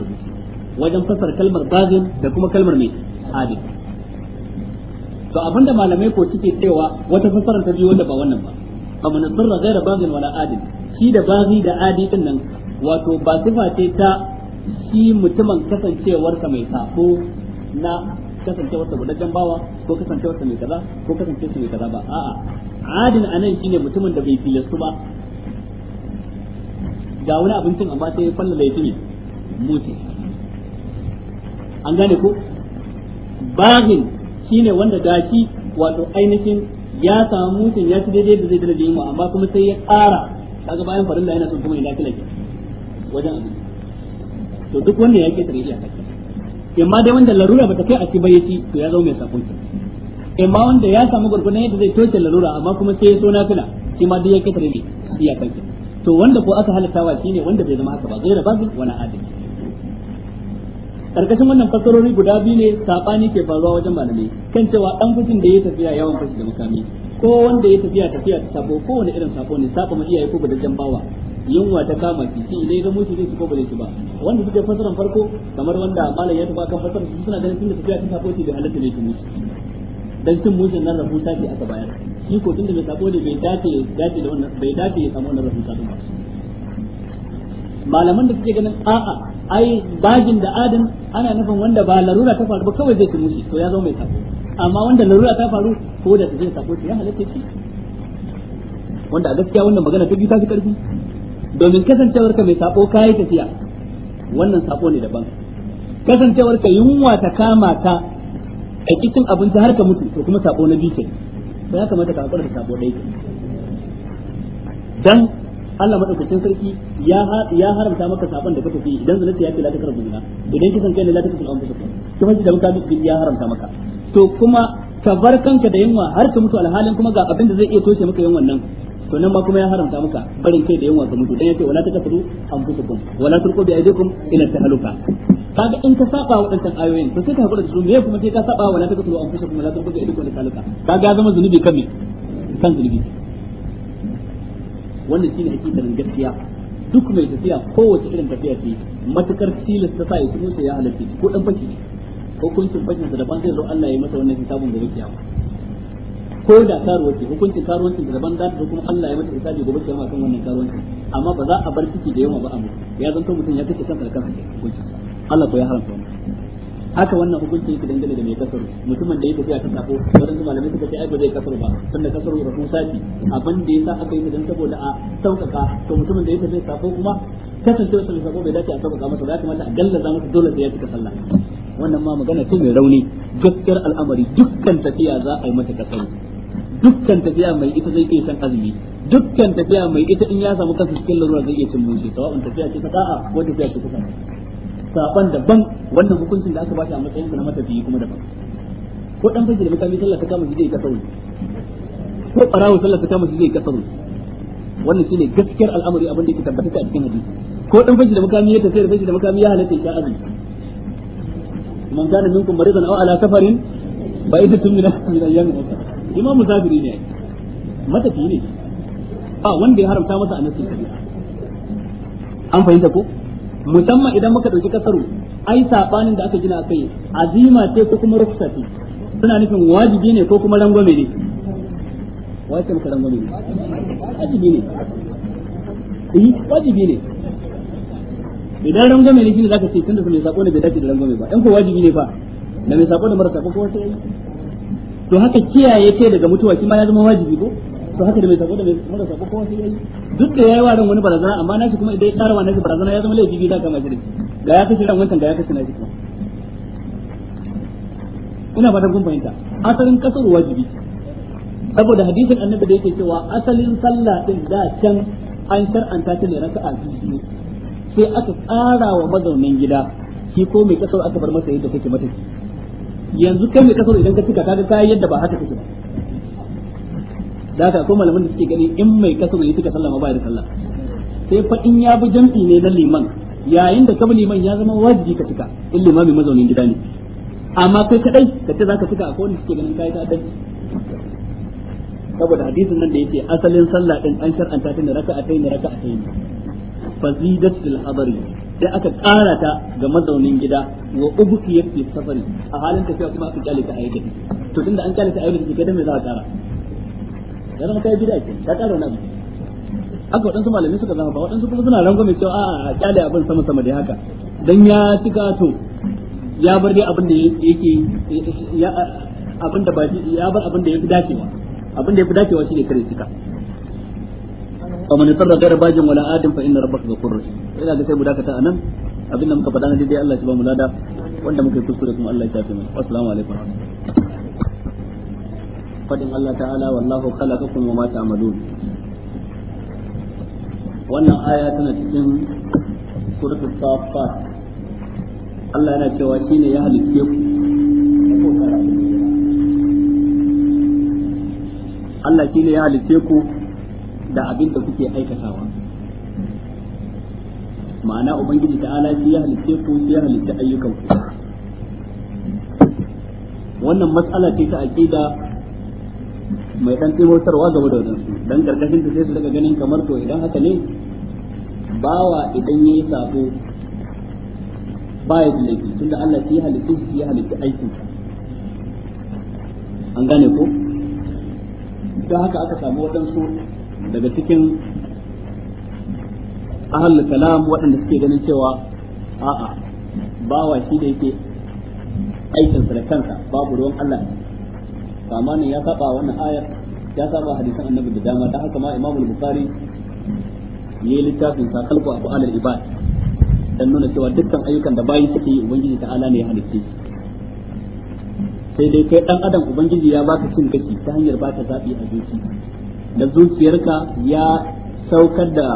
wajen fasar kalmar bazin da kuma kalmar mai adil to abinda malamai ko suke cewa wata fassara ta biyo wanda ba wannan ba fa man sirra ghaira baghin wala adil shi da baghi da adi din nan wato ba sifa ce ta shi mutumin kasancewar kasancewarsa mai sako na kasancewar kasancewarsa gudajen bawa ko kasancewar kasancewarsa mai kaza ko kasancewar kasancewarsa mai kaza ba a'a adin anan shine mutumin da bai filasu ba ga wani abincin amma sai ya falla ne mutu an gane ko baghin shine wanda gashi wato ainihin ya samu mutum ya ci daidai da zai dalaje mu amma kuma sai ya ƙara kaga bayan da yana son kuma ina kila ke wajen to duk wanda ya tare iya kai amma dai wanda larura bata kai a ci ba yaci to ya zama mai sakon ki wanda ya samu gurgurdan yadda zai toce larura amma kuma sai ya so kila shi ma duk ya tare ne iya kai to wanda ko aka halatta wa shine wanda bai zama haka ba gaira babu wani adalci karkashin wannan fasarori guda biyu ne sabani ke faruwa wajen malamai kan cewa dan fushin da ya tafiya yawan fashi da makami ko wanda ya tafiya tafiya ta sabo ko wani irin sabo ne saba ma iyaye ko gudajen bawa yunwa ta kama ki shi idan ga mutu su ko bane su ba wanda suke fasaran farko kamar wanda malam ya tuba kan fasaran su suna ganin tunda tafiya ta sabo ce da halatta ne ki mutu dan cin mutun nan rahusa ce aka bayar shi ko tunda mai sabo ne bai dace dace da wannan bai dace ya samu wannan rahusa ba malaman da suke ganin a'a ai bagin da adam ana nufin wanda ba larura ta faru ba kawai zai ci shi to ya zama mai sako amma wanda larura ta faru ko da zai sako ya halatta shi wanda a gaskiya wannan magana ta biyu ta fi karfi domin kasancewar ka mai sako kai tafiya wannan sako ne daban kasancewar ka yunwa ta kama ta a cikin abinci har ka mutu to kuma sako na biyu ke ya kamata ka hakura da sako ɗaya dan Allah madaukakin sarki ya ya haramta maka sabon da kake yi idan zalunci ya ce la takarbu zina idan kisan kai ne la takarbu an to kuma da muka bi ya haramta maka to kuma ka bar kanka da yunwa har ka mutu alhalin kuma ga abin da zai iya toshe maka yunwan nan to nan ma kuma ya haramta maka barin kai da yunwa ka mutu dan yace wala takasuru anfusukum wala turqu bi aydikum ila tahaluka kaga in ka saba dantan ayoyin to sai ka hakura da su me kuma sai ka saba wala takasuru anfusukum wala turqu bi aydikum ila tahaluka kaga zama zunubi kame kan zunubi wannan shine hakikanin gaskiya duk mai tafiya kowace irin tafiya ce matukar tilas ta sa ya kuma sai ya halarci ko dan ko hukuncin bakin sa daban zai zo Allah ya masa wannan hisabun gobe kiyama ko da karuwa ce hukuncin karuwancin da daban za ta zo kuma Allah ya masa hisabi gobe kiyama kan wannan karuwancin amma ba za a bar ciki da yawa ba amma ya zanto mutum ya kace kan da kansa Allah ko ya haramta wannan haka wannan hukunci yake dangane da mai kasar mutumin da ya tafiya ta kan sako waɗansu malamai suka ce ba zai kasar ba tunda kasar da sun sati abin da yasa aka yi dan saboda a saukaka to mutumin da ya tafiya sako kuma kasance wasu da sako bai dace a saukaka masa ba ya kamata a gallaza masa dole sai ya cika sallah wannan ma magana ce mai rauni gaskiyar al'amari dukkan tafiya za a yi mata kasar dukkan tafiya mai ita zai iya san azumi dukkan tafiya mai ita in ya samu kansa cikin larura zai iya cin mushi sawa'un tafiya ce ta da'a ko tafiya ce ta saban daban wannan hukuncin da aka bashi a matsayin sa na matafiyi kuma daban ko dan fajiri da mutane sallah ta kama shi zai kasaru ko barawo sallah ta kama shi zai kasaru wannan shine gaskiyar al'amari abin da yake tabbata a cikin hadisi ko dan fajiri da ya tafi da fajiri da ya halatta ya azumi man kana minkum maridan aw ala safarin ba ita tun mina min ayyamin ukhra imam musafiri ne matafi ne a wanda ya haramta masa annabi an fahimta ko musamman idan muka dauki kasaru ai sabanin da aka gina akai azima ce ko kuma ruksa ce suna nufin wajibi ne ko kuma rangwame ne wace muka rangwame ne wajibi ne eh wajibi ne idan rangwame ne shine zaka ce tunda mai sako ne bai dace da rangwame ba in ko wajibi ne fa da mai sako da mara sako ko wace to haka kiyaye ce daga mutuwa shi ma ya zama wajibi ko to haka da mai sabo da mai mara sabo kowa sai yayi duk da yayi waran wani barazana amma nashi kuma idan ya tsara wa nashi barazana ya zama laifi bi za ka mai jirgi ga ya kace ran wancan ga ya kace nashi kuma ina fatan kun fahimta asalin kasar wajibi saboda hadisin annabi da yake cewa asalin sallah din da can an shar'anta ta ne raka'a biyu sai aka tsara wa mazaunin gida shi ko mai kasar aka bar masa yadda kake mataki yanzu kai mai kasar idan ka cika kaga kai yadda ba haka kake ba da haka akwai malaman da suke gani in mai kasar mai suka sallama ba da sallah sai fa in ya bi jam'i ne na liman yayin da ka liman ya zama wajibi ka cika in limami mazaunin gida ne amma kai kadai ka ce zaka cika akwai wanda suke ganin kai ta dace saboda hadisin nan da yake asalin sallah din an shar'anta ta ne ta ne. fazidatul hadari sai aka ƙara ta ga mazaunin gida wa ubuki yake safari a halin tafiya kuma aka kyale ta ayyuka to tunda an kyale ta ayyuka kai da me za a ƙara ya zama kai bid'a ke ƙara wani abu haka waɗansu suka zama ba waɗansu kuma suna rangwame cewa a a kyale abin sama sama haka dan ya cika to ya bar dai abin da yake ya abin da ba ya bar abin da yafi dacewa abin da yafi dacewa shine kare cika ومن da fadin Allah ta'ala wallahu khalaqakum wa ma ta'malun wannan aya tana cikin suratul safat Allah yana cewa shine ya halicce ku Allah shine ya halicce ku da abin da kuke aikatawa ma'ana ubangiji ta'ala shi ya halicce ku shi ya halicce ayyukan ku wannan matsala ce ta aqida mai dan timotarwa game da wadansu dan karkashin da sai su daga ganin kamar to idan haka ne bawa idan yayi sabo baya da laifi tunda Allah shi halitta shi ya halitta aikin an gane ko da haka aka samu wadansu daga cikin ahlul kalam waɗanda suke ganin cewa a'a bawa shi da yake aikinsa da kansa babu ruwan Allah samanin ya saba wannan ayar ya saba hadisan annabi da dama da haka ma Imam Bukhari yayi littafin sa kalku abu alal ibad dan nuna cewa dukkan ayyukan da bayin suke yi ubangiji ta ala ne ya halicce sai dai kai dan adam ubangiji ya baka cin gashi ta hanyar baka zabi a zuci da zuciyarka ya saukar da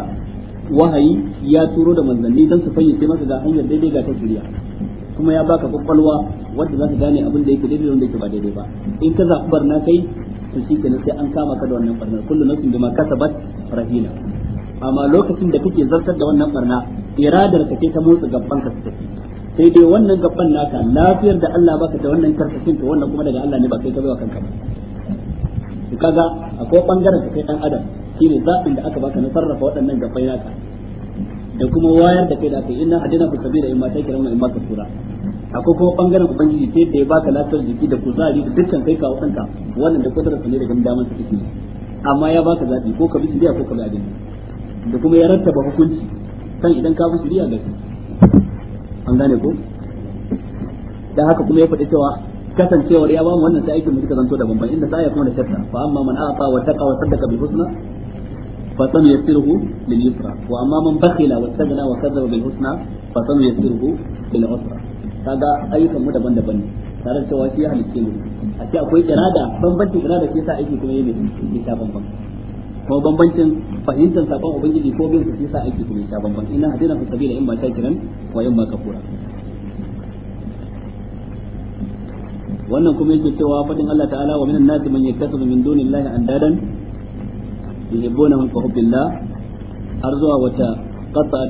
wahayi ya turo da manzanni dan su fayyace maka ga hanyar daidai ga ta shari'a kuma ya baka kwakwalwa wanda za ka gane abin da yake daidai wanda yake ba daidai ba in ka zaɓi barna kai to shi kenan sai an kama ka da wannan barna kullu nafsin bima kasabat rahina amma lokacin da kake zartar da wannan barna iradar ka ce ta motsa gaban ka su sai dai wannan gaban naka lafiyar da Allah baka da wannan karkashin to wannan kuma daga Allah ne ba kai ka bai wa kanka ba kaga akwai bangaren ka kai dan adam shine zaɓin da aka baka na sarrafa waɗannan gaban naka da kuma wayar da kai da kai inna hadina ku sabira in ma ta kira in ma ta kura. akwai kuma bangaren ubangiji ta da ya baka lafiyar jiki da kuzari da dukkan kai ka wanda wannan da kudura ne da gamdaman ta take amma ya baka zabi ko ka bi shiriya ko ka bi adalci da kuma ya rattaba hukunci kan idan ka bi shari'a da an gane ko dan haka kuma ya faɗi cewa kasancewar ya ba mu wannan sai aikin mu kika zanto da bamban inda sai ya kuma da shakka fa amma man aqa wa taqa wa saddaqa bil husna فسنيسره لليسرى واما من بخل واستغنى وكذب بالحسنى فسنيسره للعسرى kaga ayyukan mu daban-daban ne tare da cewa shi ya halicce mu a ce akwai irada bambancin irada ke sa aiki kuma yake ya sha bambam. ko bambancin fahimtar sakon ubangiji ko bin su yasa aiki kuma ya sha bambam ina hadina fi sabila in ba shakiran wa in ba kafura wannan kuma yake cewa fadin Allah ta'ala wa minan nasi man yaktasu min dunillahi andadan yuhibbunahum ka الله har zuwa wata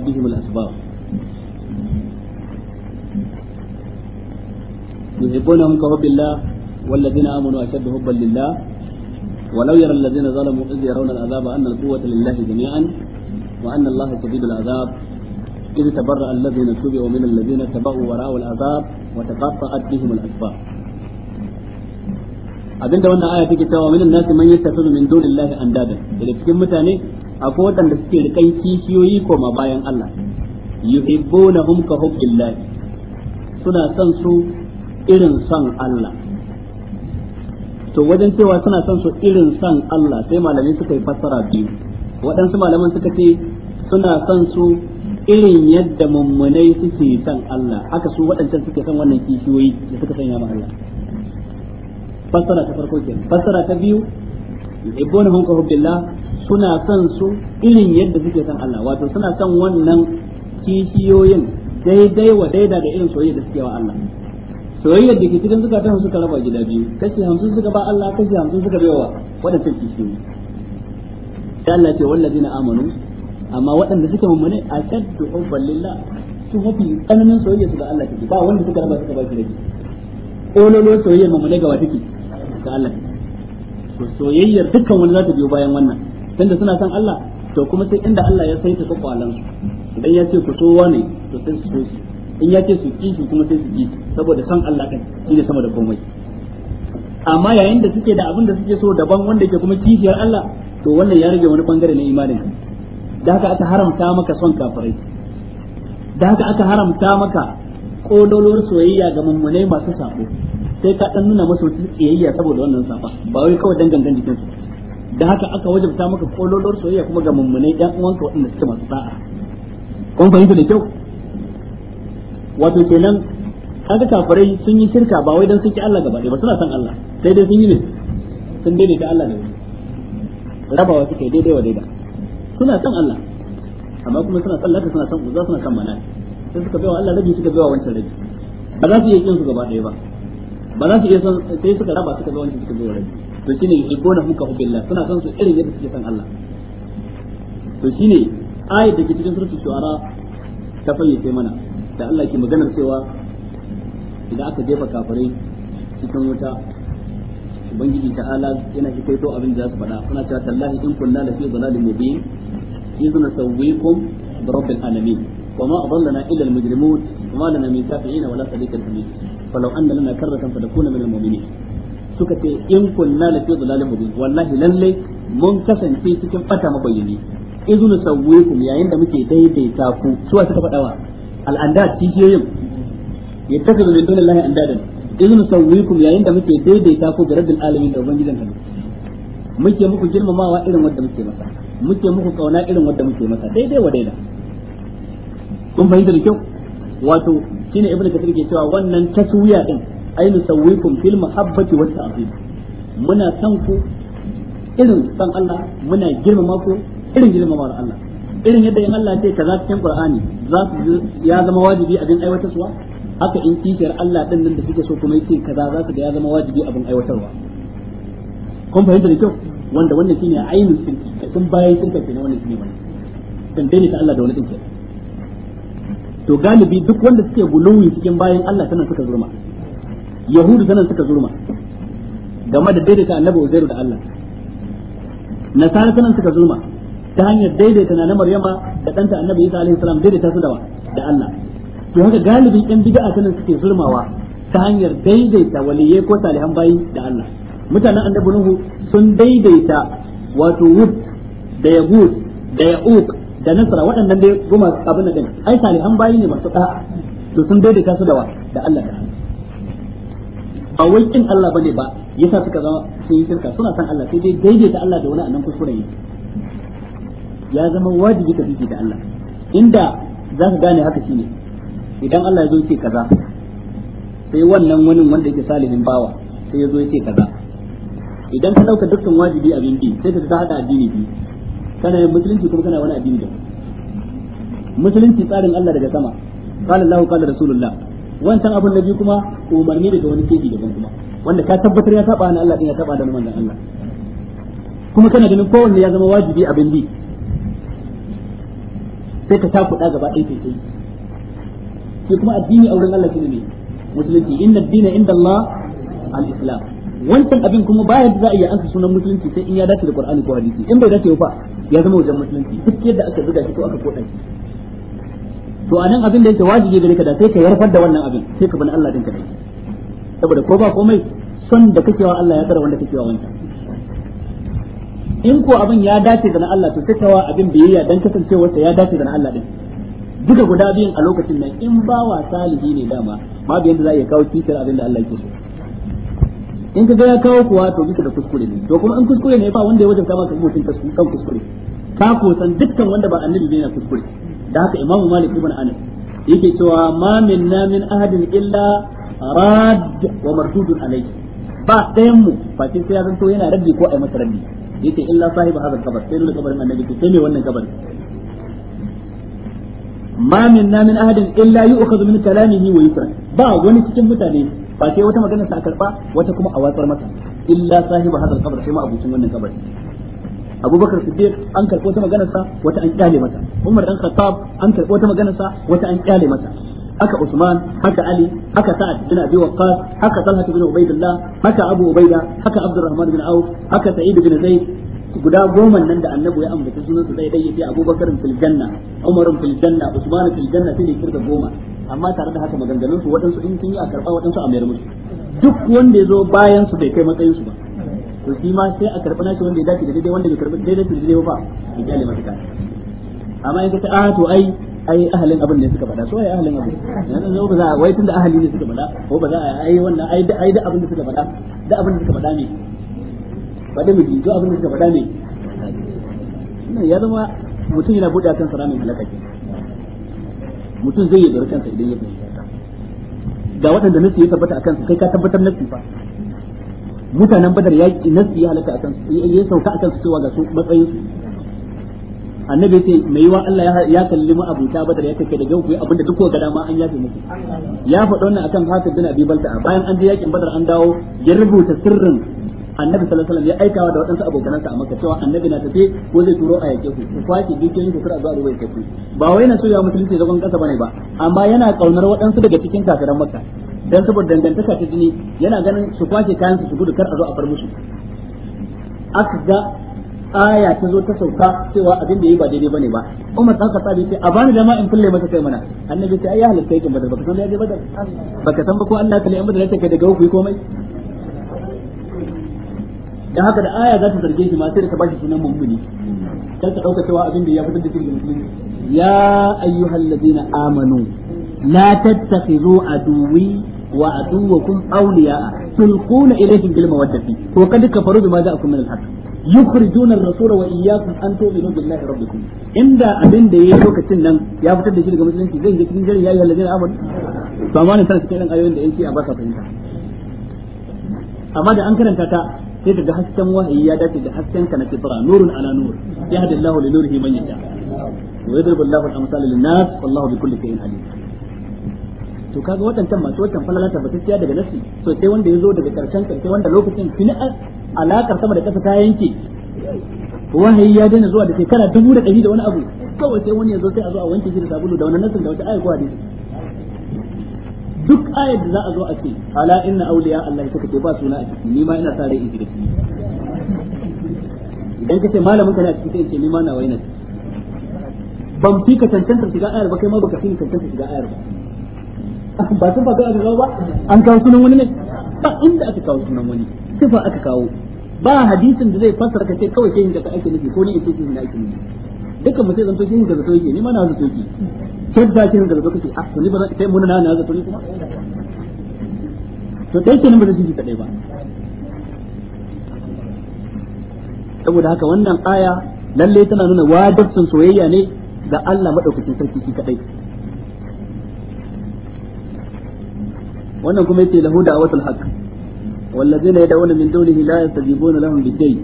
بهم الأسباب al-asbab yuhibbunahum والذين آمنوا أشد حبا لله ولو يرى الذين ظلموا إذ يرون العذاب أن القوة لله جميعا وأن الله شديد العذاب إذ تبرأ الذين تبعوا من الذين تبعوا وراءوا العذاب وتقطعت بهم الأسباب abinda wannan aya take cewa minan nas man yattakhidhu min dunillahi andada daga cikin mutane akwai wadanda suke rikan kishiyoyi ko ma bayan Allah yuhibbunahum ka hubbillah suna son su irin son Allah to wajen cewa suna son su irin son Allah sai malami suka yi fassara biyu waɗansu malaman suka ce suna son su irin yadda mummunai suke son Allah haka su waɗancan suke son wannan kishiyoyi da suka sanya ma Allah fassara ta farko kenan fassara ta biyu yuhibbuna hum ka hubbillah suna son su irin yadda suke son Allah wato suna son wannan kishiyoyin daidai wa daida da irin soyayya da suke wa Allah Soyayya da ke cikin zukatan suka raba gida biyu kashi hamsin suka ba Allah kashi hamsin suka baiwa waɗancan kishiyoyi sai Allah ce wallazina amanu amma waɗanda suke mummune a shaddu hubban lillah su hafi tsananin soyayya su ga Allah take ba wanda suka raba suka ba shi rabi ƙololo soyayya mummune ga wa take ga Allah to soyayyar dukkan wani za ta biyo bayan wannan tunda suna son Allah to kuma sai inda Allah ya saita kwakwalan su idan ya ce ku so wane to sai su so shi in ya ce su ki shi kuma sai su ki saboda son Allah kan shi ne sama da komai amma yayin da suke da abin da suke so daban wanda ke kuma kishiyar Allah to wannan ya rage wani bangare na imanin da haka aka haramta maka son kafirai da haka aka haramta maka kodolor soyayya ga mummunai masu sabo sai ka dan nuna masa wata tsiyayya saboda wannan safa ba wai kawai dan gangan jikin su da haka aka wajabta maka kololor soyayya kuma ga mummunai ɗan uwanka waɗanda suke masu sa'a kun fahimta da kyau wato kenan kaga kafirai sun yi shirka ba wai dan suke Allah gaba ɗaya ba suna san Allah sai dai sun yi ne sun ta Allah ne rabawa suke daidai wa daida suna san Allah amma kuma suna san Allah suna san uza suna san mana sai suka baiwa Allah rabi suka baiwa wancan rabi ba za su yi kin su gaba ɗaya ba ba za su iya san sai suka raba suka ga wancan suka zo rabi to shine yuhibbuna hum ka hubbillah suna son su irin yadda suke san Allah to shine ayat da ke cikin suratul shu'ara ta fayyace mana da Allah ke maganar cewa idan aka jefa kafirai cikin wuta ubangiji ta'ala yana shi kai to abin da za su faɗa suna cewa tallahi in kunna lafi dhalalin mubin idna sawwikum bi rabbil alamin وما أضلنا إلا المجرمون وما لنا من شافعين ولا صديق حميد falau anna lana karratan fatakuna minal mu'minin suka ce in kunna la fi dhalalin mubin wallahi lalle mun kasance cikin fata mabayyani izunu sawwikum yayin da muke daidaita ku suwa suka fadawa al'anda tijiyoyin yattakhidhu min dunillahi andadan izunu sawwikum yayin da muke daidaita ku da alamin da ubangijin ka muke muku girmamawa irin wanda muke muke muku irin wanda muke daidai wa daida kun wato shine ibnu kathir ke cewa wannan taswiya din ainu sawwikum fil mahabbati wat ta'zim muna san ku irin san Allah muna girmama ku irin girmama Allah irin yadda in Allah ce kaza cikin Qur'ani za su ya zama wajibi abin aiwatarwa haka in kishiyar Allah din nan da suke so kuma yake kaza za su ga ya zama wajibi abin aiwatarwa kun fahimta da kyau wanda wannan shine ainihin sirki kun bayan sirka kenan wannan shine wannan kan dai ne ta Allah da wani din kenan to galibi duk wanda suke guluwi cikin bayan Allah sanan suka zurma yahudu sanan suka zurma game da daidaita annabi uzairu da Allah nasara sanan suka zurma ta hanyar daidaita na maryama da danta annabi isa alaihi salam daidaita su da da Allah to haka galibin yan bid'a sanan suke zurmawa ta hanyar daidaita waliyai ko salihan bayi da Allah mutanen annabi nuhu sun daidaita wato wud da yahud da ya'uq da nasara waɗannan dai goma abin da ai salihan bayi ne masu da'a to sun daidaita su da wa da Allah da ba wai kin Allah bane ba yasa suka zama sun yi shirka suna san Allah sai dai daidaita Allah da wani annan kuskure ne ya zama wajibi ka fiki da Allah inda za ka gane haka shine idan Allah ya zo ce kaza sai wannan wani wanda yake salihin bawa sai ya zo ya ce kaza idan ka dauka dukkan wajibi a bindi sai ka ta hada addini biyu kana yin musulunci kuma kana wani addini da musulunci tsarin Allah daga sama qala Allahu qala rasulullah wancan abun nabi kuma umarni daga wani keji daban kuma wanda ka tabbatar ya saba na Allah din ya saba da manzon Allah kuma kana ganin kowanne ya zama wajibi abin bi sai ka takuda gaba ɗaya kai kai sai kuma addini a wurin Allah shine ne musulunci inna ad-dina inda Allah al-islam wancan abin kuma ba da za a yi an sunan musulunci sai in ya dace da Qur'ani ko hadisi in bai dace ba ya zama wajen musulunci duk yadda aka zuga shi ko aka koda shi to anan abin da yake wajibi gare ka da sai ka yarfar da wannan abin sai ka bani Allah din ka dai saboda ko ba komai son da kake wa Allah ya tsara wanda kake wa wancan in ko abin ya dace da na Allah to sai kawa abin biyayya dan kasancewarsa ya dace da na Allah din duka guda biyun a lokacin nan in ba wa salihi ne dama babu yadda za a iya kawo cikin abin da Allah yake so in ka ga ya kawo kuwa to bisa da kuskure ne to kuma an kuskure ne ba wanda ya wajabta maka mutum ta kan kuskure ka ko san dukkan wanda ba annabi ne na kuskure da haka imamu malik ibn anas yake cewa ma na min ahadin illa rad wa mardudun alayhi ba ɗayan mu face sai ya zanto yana raddi ko ai masa raddi yake illa sahibi hadha kabar sai ne kabarin annabi sai me wannan kabarin ma minna min ahadin illa yu'khadhu min kalamihi wa yusra ba wani cikin mutane ba sai wata magana ta karba wata kuma a watsar maka illa sahiba hadal kabar sai ma abucin wannan kabari abubakar siddiq an karɓo ta maganarsa wata an kyale mata umar dan khattab an karɓo ta maganarsa wata an kyale mata haka usman haka ali haka sa'ad bin abi waqqas haka talha bin ubaidillah haka abu ubaida haka abdurrahman bin auf haka sa'id bin zaid guda goma nan da annabi ya ambata sunan su sai dai yace Abubakar fil janna Umar fil janna Usman fil janna sai ne kirga goma amma tare da haka maganganun su waɗansu in sun yi a karba waɗansu a mayar musu duk wanda ya zo bayan su bai kai matsayin su ba to shi ma sai a karba nashi wanda ya dace da daidai wanda ya karba daidai su daidai ba ya kyale masa kai amma in ka ce ah to ai ai ahalin abin ne suka faɗa so ai ahalin abin yanzu zo ba za a wai tunda ahali ne suka faɗa ko ba za a ai wannan ai da abin da suka faɗa da abin da suka faɗa ne faɗa miji duk abin da suka faɗa ne nan ya zama mutum yana buɗe kan ramin halaka ke mutum zai yi da kansa idan ya fahimta ga waɗanda nasu ya tabbata akan su kai ka tabbatar nasu fa mutanen badar ya nasu ya halaka akan su ya sauka akan su cewa ga su matsayin su annabi sai mai yiwa Allah ya kalli mu abuta badar ya kake da gau abinda duk ga dama an yafe muku ya faɗa wannan akan Hafiz bin Abi Balta'a bayan an je yakin badar an dawo ya rubuta sirrin annabi sallallahu alaihi wasallam ya aikawa da waɗansu abokanansa a maka cewa annabi na tafi ko zai turo a yake ku ku kwace dukiyoyin ku kar a zo a ruwaye ku ba wai na so musulunci zagon kasa bane ba amma yana kaunar waɗansu daga cikin kafiran makka dan saboda dangantaka ta jini yana ganin su kwace kayan su su gudu kar a zo a far musu aka ga aya ta zo ta sauka cewa abin da yayi ba daidai bane ba Umar dan tsabi sai a bani dama in kulle masa kai mana annabi sai ayi ya halatta yake badar baka san ya je badar baka san ba ko Allah ta kalle bada take daga ku komai dan haka da aya za ta zarge shi ma sai ta bashi sunan mummuni dan ta dauka cewa abin da ya fitar da shi musulmi ya ayyuhal ladina amanu la tattakhizu aduwi wa aduwakum awliya tulquna ilayhim bil mawaddati to kad kafaru bima ja'akum min al-haqq yukhrijuna ar-rasula wa iyyakum an tu'minu billahi rabbikum inda abin da yayi lokacin nan ya fitar da shi daga musulunci zai je cikin jarin ya ayyuhal ladina amanu ba ma ne sanin cikin ayoyin da yake a ba sa fahimta amma da an karanta ta sai daga hasken wahayi ya dace da hasken ka na fitra nurun ala nur hada Allahu li nurihi man yasha wa yadribu Allahu al-amsala lin-nas wallahu bi kulli shay'in alim to kaga wadannan masu wancan falalata ba tafiya daga nasi to sai wanda yazo daga karshen karshe wanda lokacin fina alaƙar sama da kasa ta yanke wahayi ya daina zuwa da shekara dubu da ɗari da wani abu kawai sai wani ya zo sai a zo a wanke shi da sabulu da wani nasin da wata ayat ko hadisi duk ayar da za a zo a ce ala inna awliya Allah suka ce ba suna a ciki ni ma ina sa rai in ji da shi idan ka ce malamin ka na ciki sai ce ni ma na waina ban fi ka tantance shiga ayar ba kai ma baka fi ka tantance shiga ayar ba ba sun ba ga aka ba an kawo sunan wani ne ba inda aka kawo sunan wani sifa aka kawo ba hadisin da zai fassara ka ce kawai shehin da ka ake nufi ko ni ita shehin da ake nufi dukkan mutum zanto shehin da zato yake ni ma na zato yake shadda kenan da lokaci a ah, to ni ba sai mun na na zato ni kuma to dai kenan ba zai ji kadai ba saboda haka wannan aya lalle tana nuna wajibcin soyayya ne ga Allah madaukakin sarki shi kadai wannan kuma yace lahu da'watul haqq والذين يدعون من دونه لا يستجيبون لهم بشيء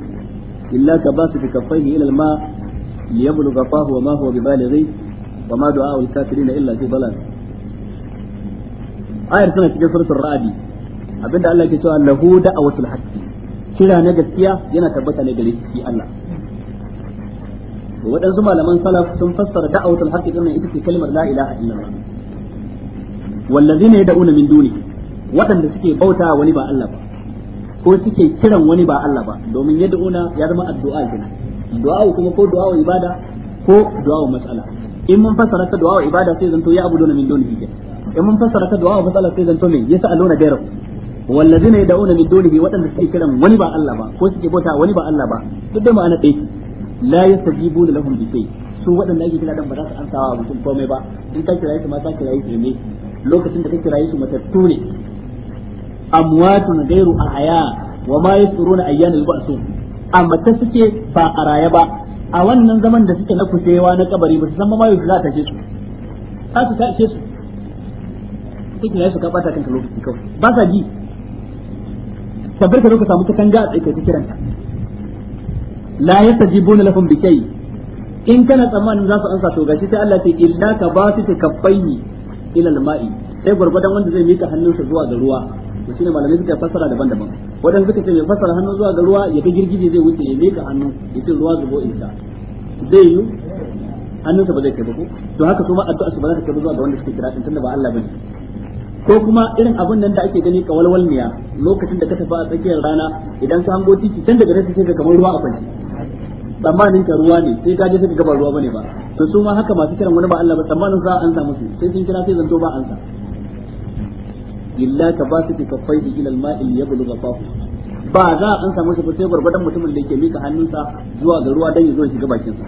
إلا كباسط كفيه إلى الماء ليبلغ فاه وما هو ببالغه wa ma du'a ul kafirin illa fi dalal ayar tana cikin suratul ra'di abinda Allah ke cewa lahu da'awatul haqqi kira na gaskiya yana tabbata ne gare shi Allah waɗansu malaman salaf sun fassara da'awatul haqqi din ita ce kalmar la ilaha illallah wallazina yad'una min duni waɗanda suke bauta wani ba Allah ba ko suke kiran wani ba Allah ba domin yad'una ya zama addu'a kenan du'a kuma ko du'a ibada ko du'a mas'ala in mun fassara ta du'a wa ibada sai zanto ya abuduna min dunihi in mun fassara ta du'a wa fasala sai zanto me yasa aluna gairahu wallazina yad'una min dunihi wadanda suke kiran wani ba Allah ba ko suke bauta wani ba Allah ba duk da ma'ana ɗaya la yastajibuna lahum bi shay su wadanda ake kira dan ba za su amsa wa mutum komai ba in ka kira su ma ka kira su ne lokacin da ka kira su matattu ne amwatun ghairu ahya wa ma yasuruna ayyana yub'asun amma ta suke ba a raye ba a wannan zaman da suke na kusewa na kabari ba su san ma yau za ta ce su za su ta ce su kike ne su ka bata kanka lokaci kawai ba sa ji tabbar ka samu ta samu katanga a tsaye ka kiranta la yastajibuna lahum bi bikai. in kana tsammanin za su ansa to gashi sai Allah ce illa ka ba su kaffaihi ila al-ma'i sai gurgurdan wanda zai mika hannunsa zuwa ga ruwa to shine malamai suka fassara daban-daban wadan suka ce mai fasara hannu zuwa ga ruwa ya ga girgije zai wuce ya leka hannu ya ce ruwa zubo in sha zai yi hannunsa ba zai kai ba ko to haka kuma addu'a su ba za ta kai ba zuwa ga wanda suke kira tun da ba Allah bane ko kuma irin abun nan da ake gani kawalwalniya lokacin da ka tafi a tsakiyar rana idan ka hango titi tun daga nesa sai ka kamar ruwa a fanci tsammanin ka ruwa ne sai ka je sai ka gaba ruwa bane ba to su ma haka masu kiran wani ba Allah ba tsammanin sa an samu su sai sun kira sai zanto ba an illa ka ba su kaffai da ilal ma'il ya bulu gafafu ba za a an samu shi ba sai gwargwadon mutumin da yake mika hannunsa zuwa ga ruwa dan ya zo shiga bakinsa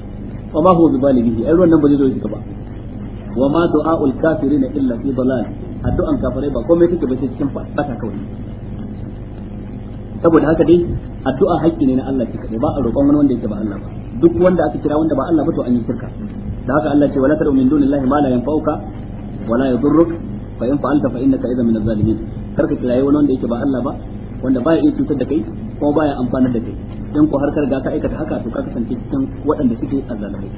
fa ma huwa bibalighi ai ruwan nan ba zai zo shiga ba wa ma du'aul kafirina illa fi dalal addu'an kafirai ba komai take ba sai cikin fata kawai saboda haka dai addu'a haƙƙi ne na Allah shi kadai ba a roƙon wani wanda yake ba Allah ba duk wanda aka kira wanda ba Allah ba to an yi shirka da haka Allah ce wala tad'u min dunillahi ma la yanfa'uka wala yadurruk fa in fa'alta fa innaka idan min az-zalimin karka kirayi wani wanda yake ba Allah ba wanda baya iya cutar da kai kuma baya amfanar da kai dan ko har karga ka aikata haka to ka kasance cikin waɗanda suke azzalimai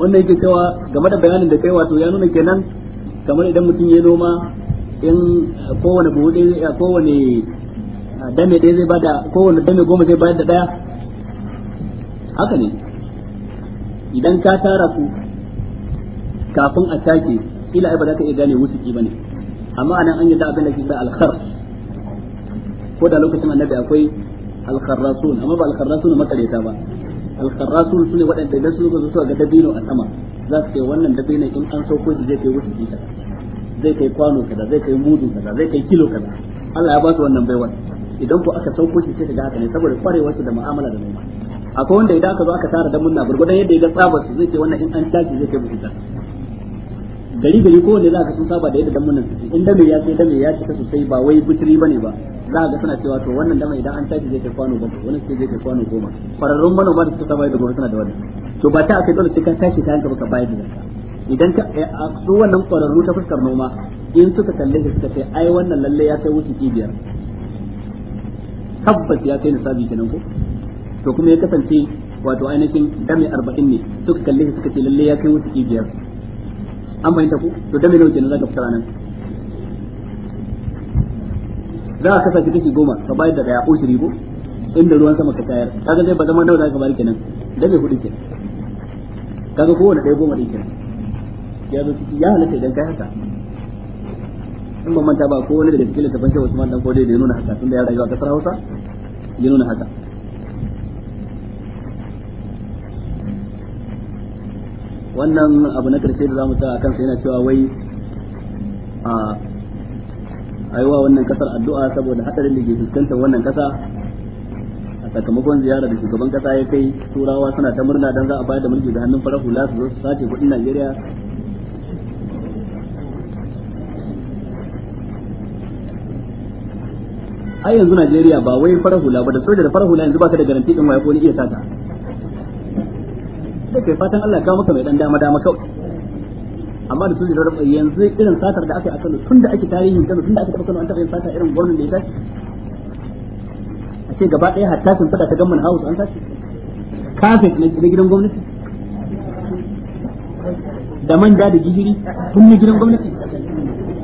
wannan yake cewa game da bayanin da kai wato ya nuna kenan kamar idan mutum ya noma in kowane buhu ɗaya kowane ah, dame ɗaya zai bada kowane dame goma zai bayar da ɗaya haka ne idan ka tara ku kafin a take kila ai ba za ka iya gane wusuki bane amma anan an yadda abin da ke sa alkhar ko da lokacin annabi akwai alkharrasun amma ba alkharrasun makareta ba alkharrasun sune waɗanda idan su zo ga dabino a sama za su ce wannan dabino in an sauko shi zai kai wuce kaza zai kai kwano kaza zai kai mudu kaza zai kai kilo kaza Allah ya ba su wannan baiwa idan ko aka sauko shi sai ga haka ne saboda kwarewar shi da mu'amala da noma akwai wanda idan aka zo aka tara da munna gurgudan yadda ya ga tsabar su zai ce wannan in an tashi zai kai bukuta gari gari kowanne za ka sun saba da yadda dan munan suke in dame ya sai dame ya ta sosai ba wai buturi bane ba za ga suna cewa to wannan dama idan an tashi zai kai kwano bakwai wani sai zai kai kwano goma kwararrun ba da suka saba da gobe suna da wani to ba ta akai dole sai ka tashi kayan ka baka bayar da zaka idan ka eh, a su wannan kwararru ta fuskar noma in suka kalle shi suka ce ai wannan lalle ya kai wuce biyar tabbas ya kai nisabi kenan ko to kuma ya kasance wato ainihin dame arba'in ne suka kalle shi suka ce lalle ya kai wuce biyar an bayyana ku to dan nawa kenan zaka fara nan za ka saki kashi goma ka bayar da daya ushiri ko inda ruwan sama ka tayar kaga dai ba zama da zaka bari kenan da mai hudu kenan kaga kowanne daya goma din kenan ya zo ya halaka idan kai haka in ban manta ba ko wani daga cikin littafin shi man dan kodai da ya nuna haka tunda ya rayu a kasar Hausa ya nuna haka wannan abu na karshe da zamu tsaya akan sai yana cewa wai a aiwa wannan kasar addu'a saboda hadarin da ke fuskantar wannan kasa a sakamakon ziyara da shugaban kasa ya kai turawa suna ta murna dan za a bayar da mulki ga hannun farar hula su zo su sace kudin Najeriya ai yanzu Najeriya ba wai farar hula ba da soja da farar hula yanzu ka da garanti din waye ko ni iya sata sai kai fatan Allah ka maka mai dan dama dama kawai amma da su ji rabu yanzu irin satar da aka yi a Kano tun da ake tarihin Kano tun da aka Kano an taɓa yin sata irin gwamnan da ya tashi a ce gaba ɗaya hatta sun fada ta gamman house an sace kafet na gidan gwamnati da manja da gijiri tun na gidan gwamnati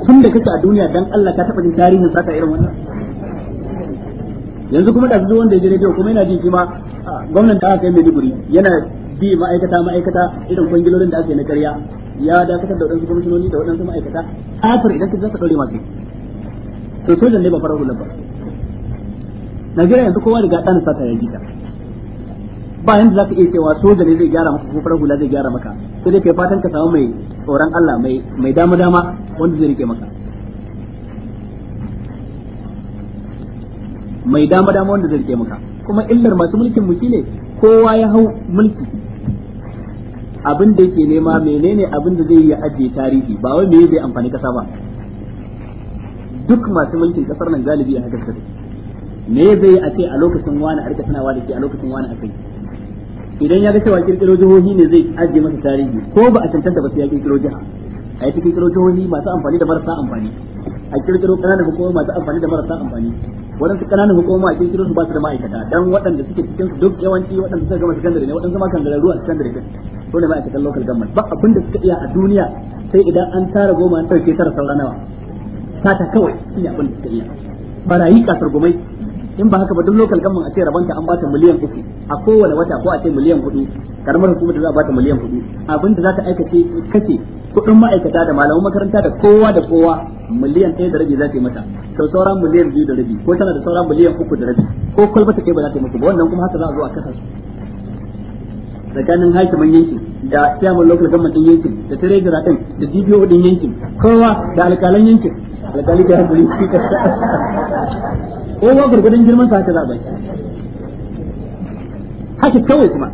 tun da kake a duniya dan Allah ka taɓa jin tarihin sata irin wannan yanzu kuma da su wanda ya je rediyo kuma yana jin kima ma gwamnan da aka kai Maiduguri yana bi ma'aikata ma'aikata irin kwangilolin da ake na ƙarya ya dakatar da waɗansu kwamishinoni da waɗansu ma'aikata kafir idan ka zaka ɗaure maki to sojan ne ba farar hular ba Najeriya yanzu kowa daga ɗan sata ya gita ba yanda zaka iya cewa soja ne zai gyara maka ko farar hula zai gyara maka sai dai kai fatan ka samu mai tsoron Allah mai mai dama dama wanda zai rike maka mai dama dama wanda zai rike maka kuma illar masu mulkin mu shine kowa ya hau mulki abin da yake nema menene abin da zai yi ajiye tarihi ba wai me zai amfani kasa ba duk masu mulkin kasar nan galibi a haka take me zai a ce a lokacin wani a tana wani ke a lokacin wani a kai idan ya ga cewa kirkiro jihohi ne zai ajiye masa tarihi ko ba a cancanta ba sai ya kirkiro jiha a yi kirkiro jihohi masu amfani da marasa amfani a kirkiro kananan hukumomi masu amfani da marasa amfani waɗansu kananan hukumomi a kirkiro su ba su da ma'aikata dan waɗanda suke cikin duk yawanci waɗanda suka gama sakandare ne waɗansu ma kangaren ruwa sakandare ne to ne ma'aikatan local government ba abin da suka iya a duniya sai idan an tara goma an tarke tara saura nawa sata kawai iya abin da suka iya barayi kasar gumai. in ba haka ba duk local government a ce rabanta an bata miliyan uku a kowane wata ko a ce miliyan hudu karamar hukumar da za a bata miliyan hudu abin da za ta aikace kace kudin ma'aikata da malaman makaranta da kowa da kowa miliyan ɗaya da rabi za ta yi mata to sauran miliyan biyu da rabi ko tana da sauran miliyan uku da rabi ko kwalba ta kai ba za ta yi mata ba wannan kuma haka za a zo a kasa su tsakanin hakiman yankin da chairman lokacin government ɗin yankin da da raɗin da DPO ɗin yankin kowa da alƙalan yankin alƙali da hankali shi ka kowa gurgurdan girman sa haka za a bai haka kawai kuma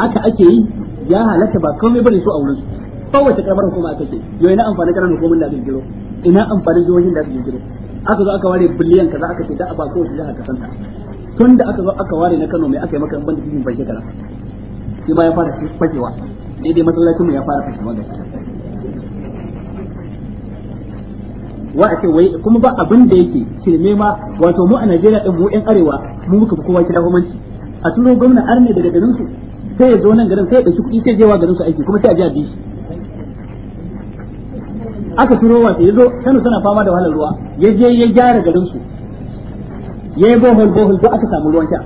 haka ake yi ya halatta ba komai bane so a wurin kowace karamar hukuma aka ce yau ina amfani karamar hukumar da aka giro ina amfanin jihohin da aka giro aka zo aka ware biliyan kaza aka ce da a ba kowace jiha ka santa tun da aka zo aka ware na Kano mai aka yi maka ban da cikin bashi kala shi ma ya fara fashewa daidai masallacin mu ya fara fashewa ga wa ake wai kuma ba abin da yake shirme ma wato mu a Najeriya din mu ɗan arewa mu muka fi kowa kira hukumanci a turo gwamna arne daga garin su sai ya zo nan garin sai ya dauki kuɗi sai je wa garin su aiki kuma sai a je a bi shi aka turo wanda ya zo Kano tana fama da wahalar ruwa ya je ya gyara garin su ya yi bohol bohol duk aka samu ruwan sha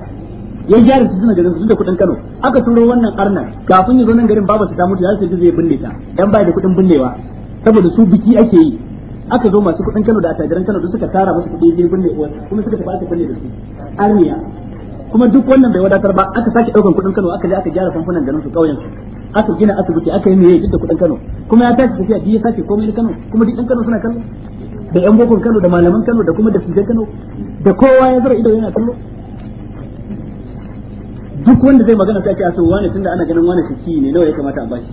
ya gyara su suna garin su da kudin Kano aka turo wannan arna kafin ya zo nan garin babu su ta mutu sai zai binne ta dan bai da kudin binnewa saboda su biki ake yi aka zo masu kudin Kano da atajiran Kano duk suka tara musu kudi zai binne kuma suka tafi aka binne da su arniya kuma duk wannan bai wadatar ba aka sake daukan kudin Kano aka je aka gyara fanfunan garin su kauyen su aka gina asibiti aka yi meye da kudin Kano kuma ya tashi tafiya biyu sace komai Kano kuma duk Kano suna kallo da yan bokon Kano da malaman Kano da kuma da sijan Kano da kowa ya zara ido yana kallo duk wanda zai magana sai a so wani tunda ana ganin wani shiki ne nawa ya kamata a bashi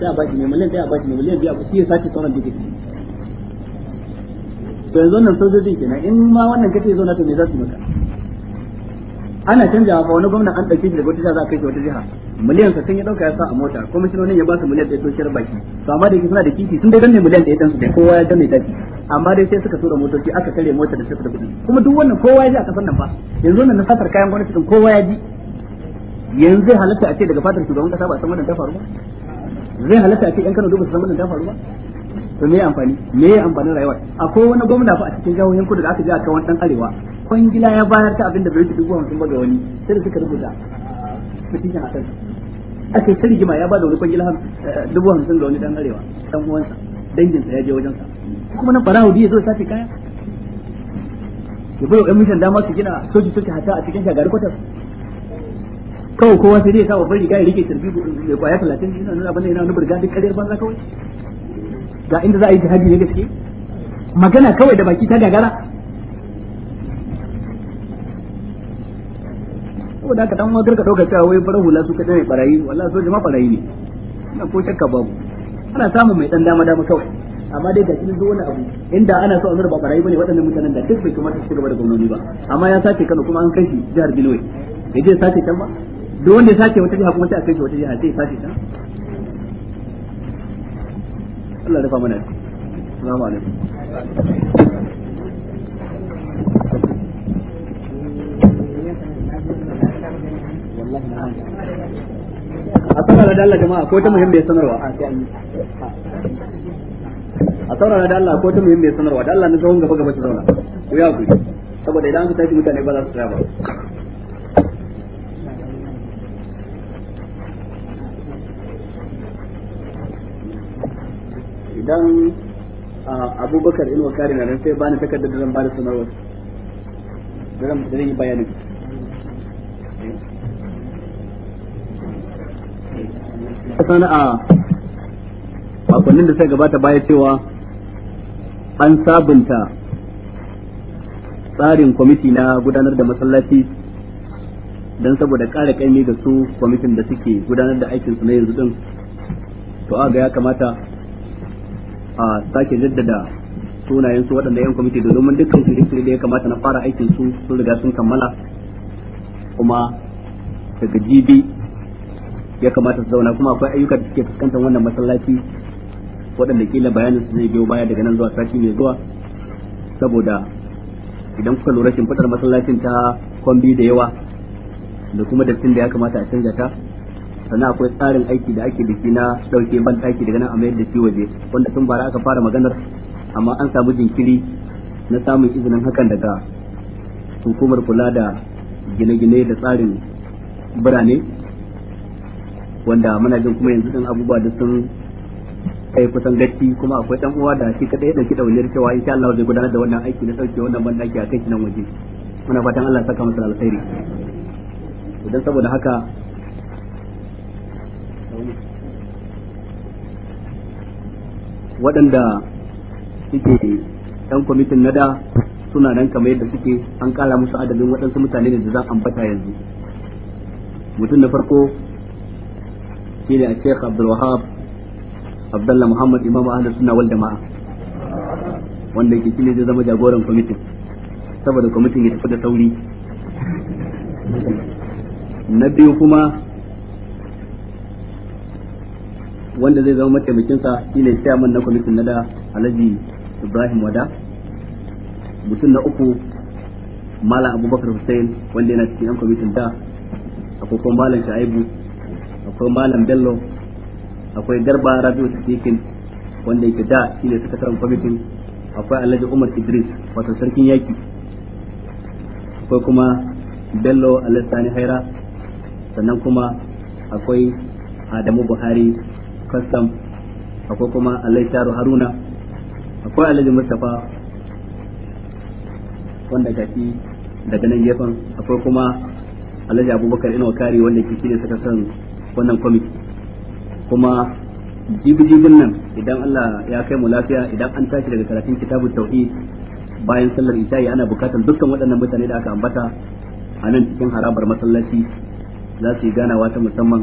sai a bashi ne mallan sai a bashi ne mallan biya ku sai sace sauran duk to yanzu nan sojojin kenan in ma wannan kace zo na to me za su maka ana canja ba wani gwamna an dauke shi daga wata jiha za a kai shi wata jiha miliyan sa sun ya dauka ya sa a mota ne ya ba su miliyan ɗaya toshiyar baki to amma da yake suna da kifi sun dai danne miliyan ɗaya dan su dai kowa ya danne daki amma dai sai suka tura motoci aka kare mota da suka da kuɗi kuma duk wannan kowa ya ji a kasan nan ba yanzu nan na fatar kayan gwamnati din kowa ya ji yanzu zai halatta a ce daga fatar shugaban kasa ba san wannan ta faru ba zai halatta a ce yan Kano duk ba su san wannan ta faru ba to me amfani me ya amfanin rayuwa akwai wani gwamna fa a cikin jihohin kudu da aka ji a wani dan arewa kwangila ya bayar ta abinda bai wuce dubu hamsin ba ga wani sai da suka rubuta mutum a kan aka yi ya bada wani kwangila eh, dubu hamsin ga wani dan arewa dan uwansa danginsa ya je wajensa kuma nan farahu biyu zo sace kaya ya bai wa mishan dama su gina soji soji hata a cikin shagari kwatar kawai kowa sai dai ya kawo bari riga ya rike tarbi ya kwaya talatin yana nuna abin da yana wani burga duk kariyar banza kawai ga inda za a yi jihadi ne gaske magana kawai da baki ta gagara saboda haka dan wakar ka dauka cewa wai fara hula su kaje mai barayi wallahi soja ma barayi ne ina ko shakka babu ana samu mai dan dama dama kawai amma dai ga cikin zo wani abu inda ana so a zurba barayi bane waɗannan mutanen da duk bai kamata su gaba da gwamnati ba amma ya sace Kano kuma an kashi jihar Benue da je sace can ba duk wanda ya sace wata jiha kuma sai a kai shi wata jiha sai sace ta Allah da rufa mana Salamu alaikum a saurara da Allah jama'a ko ta muhimmiyar sanarwa a saurara da Allah ko ta muhimmiyar sanarwa da Allah na tsawon gaba gaba su zauna ku ya ku saboda idan an aka tashi mutane ba za su tsaya ba idan abubakar inuwa wakari na nan sai bani takardar da zan bada sanarwa da yi bayanin a makonnin da sai gabata baya cewa an sabunta tsarin kwamiti na gudanar da masallaci don saboda ƙara kaimi da su kwamitin da suke gudanar da aikinsu na yanzu din to aga ya kamata a sake jaddada sunayen su waɗanda yan kwamiti da domin dukkan su da ya kamata na fara aikin su sun riga sun kammala kuma daga jibi ya kamata su zauna kuma akwai ayyuka da suke fuskantar wannan masallaci waɗanda kila bayanin su zai biyo baya daga nan zuwa sati mai zuwa saboda idan kuka lura shimfiɗar masallacin ta kwambi da yawa da kuma dattin da ya kamata a canja ta sannan akwai tsarin aiki da ake da na dauke ban taki daga nan a mayar da shi waje wanda tun bara aka fara maganar amma an samu jinkiri na samun izinin hakan daga hukumar kula da gine-gine da tsarin birane wanda muna jin kuma yanzu din abubuwa da sun kai kusan gaci kuma akwai dan uwa da shi kadai da kida wani cewa insha Allah zai gudanar da wannan aiki na dauke wannan bandaki a kai nan waje muna fatan Allah saka masa alkhairi idan saboda haka waɗanda suke ɗan kwamitin nada suna nan kamar yadda suke an ƙara musu adadin waɗansu mutane ne da za ambata yanzu mutum na farko ne a sheikh abdulwahab abdalla muhammad imam ahalar suna wal jama'a wanda shi ne zai zama jagoran kwamitin saboda kwamitin ya tafi da sauri na biyu kuma wanda zai zama mataimakin sa shine chairman na kwamitin na da Alhaji Ibrahim Wada mutum na uku Malam Abubakar Hussein wanda yana cikin kwamitin da akwai kuma Malam Shaibu akwai Malam Bello akwai Garba Rabiu Sidikin wanda yake da shine sakataren kwamitin akwai Alhaji Umar Idris wato sarkin yaki akwai kuma Bello Alhassani Haira sannan kuma akwai Adamu Buhari kastam akwai kuma alai sharu haruna akwai alhaji mustapha wanda gafi daga nan gefen akwai kuma alhaji abubakar ina kari wanda ke shine saka san wannan kwamiti kuma jibijibin nan idan Allah ya kai mu lafiya idan an tashi daga karatun kitabun tauhid bayan sallar isha'i ana bukatar dukkan waɗannan mutane da aka ambata a nan cikin harabar masallaci za su yi ganawa ta musamman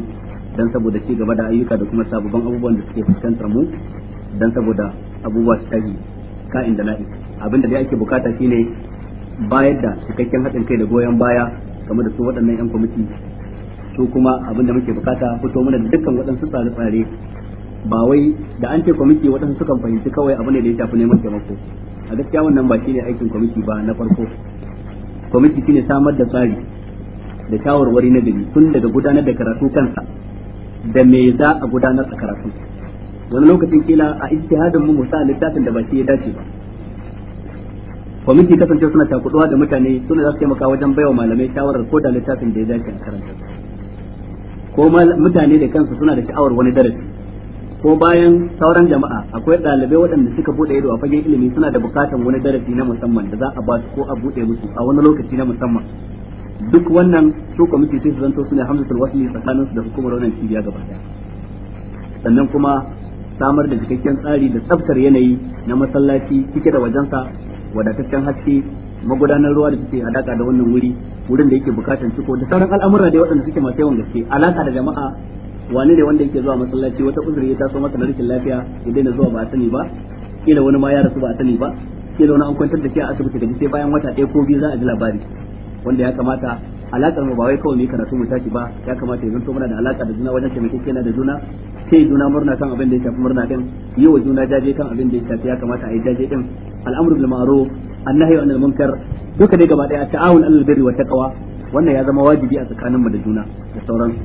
dan saboda ci gaba da ayyuka da kuma sababbin abubuwan da suke fuskantar mu dan saboda abubuwa su tafi ka inda na'i abinda dai ake bukata shine bayar da cikakken haɗin kai da goyon baya game da su waɗannan 'yan kwamiti su kuma abinda muke bukata fito mana da dukkan waɗansu tsare-tsare ba wai da an ce kwamiti waɗansu sukan fahimci kawai abu ne da ya shafi neman taimako a gaskiya wannan ba shine aikin kwamiti ba na farko kwamiti shine samar da tsari da shawarwari na gari tun daga gudanar da karatu kansa da me za a gudanar a karatu wani lokacin kila a ijtihadin mu musa littafin da ba ya dace ba kwamiti kasance suna takuduwa da mutane suna za su taimaka wajen baiwa malamai shawarar ko da littafin da ya dace a karanta ko mutane da kansu suna da sha'awar wani darasi ko bayan sauran jama'a akwai ɗalibai waɗanda suka buɗe ido a fagen ilimi suna da buƙatar wani darasi na musamman da za a ba su ko a buɗe musu a wani lokaci na musamman duk wannan su kwamiti sai su zanto su ne hamzatul wasli tsakaninsu da hukumar wannan cibiya gaba daya sannan kuma samar da cikakken tsari da tsaftar yanayi na masallaci cike da wajensa wadataccen haske magudanar ruwa da suke alaka da wannan wuri wurin da yake bukatan ciko da sauran al'amura da waɗanda suke masu yawan gaske alaka da jama'a wani ne wanda yake zuwa masallaci wata uzuri ya taso masa na rikin lafiya ya daina zuwa ba a sani ba kila wani ma ya rasu ba a sani ba kila wani an kwantar da shi a asibiti da sai bayan wata ɗaya ko biyu za a ji labari wanda ya kamata alakar mu ba wai kawai mu karatu mu tashi ba ya kamata ya zanto muna da alaƙa da juna wajen taimakekena da juna sai juna murna kan abin da ya shafi murna din yi wa juna jaje kan abin da ya shafi ya kamata a yi jaje din al'amru bil ma'ruf annahyu anil munkar duka ne gaba daya ta'awun alal birri wa taqwa wannan ya zama wajibi a tsakanin mu da juna da sauransu.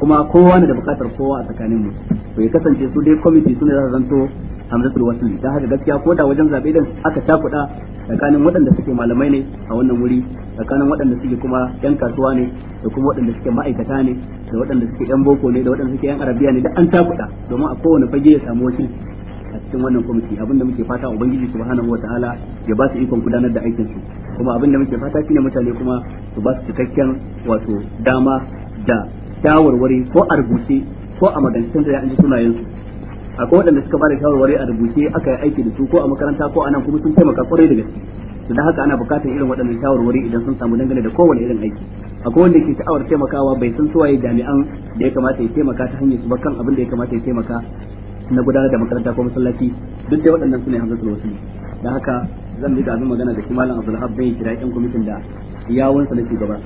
kuma kowa na da bukatar kowa a tsakanin mu to ya kasance su dai kwamiti suna su zanto hamzatul wasli ta haka gaskiya ko da wajen zabe din aka takuda tsakanin waɗanda suke malamai ne a wannan wuri tsakanin waɗanda suke kuma yan kasuwa ne da kuma waɗanda suke ma'aikata ne da waɗanda suke yan boko ne da waɗanda suke yan arabiya ne da an takuda domin a kowane fage ya samu wakil a cikin wannan kwamiti abinda muke fata ubangiji subhanahu wataala ya ba su ikon gudanar da aikin su kuma abinda muke fata shine mutane kuma su ba su cikakken wato dama da shawarwari ko a rubuce ko a magancin da ya ji sunayensu akwai waɗanda suka bada shawarwari a rubuce aka yi aiki da su ko a makaranta ko a nan kuma sun taimaka kwarai da gaske da haka ana bukatar irin waɗannan shawarwari idan sun samu dangane da kowane irin aiki akwai wanda ke sha'awar taimakawa bai san yi jami'an da ya kamata ya taimaka ta hanyar su kan abin da ya kamata ya taimaka na gudanar da makaranta ko masallaci duk dai waɗannan su ne hamzatul wasili da haka zan bi da abin magana da kimalan abdulhab bai kira yan kwamitin da yawunsa na shugaba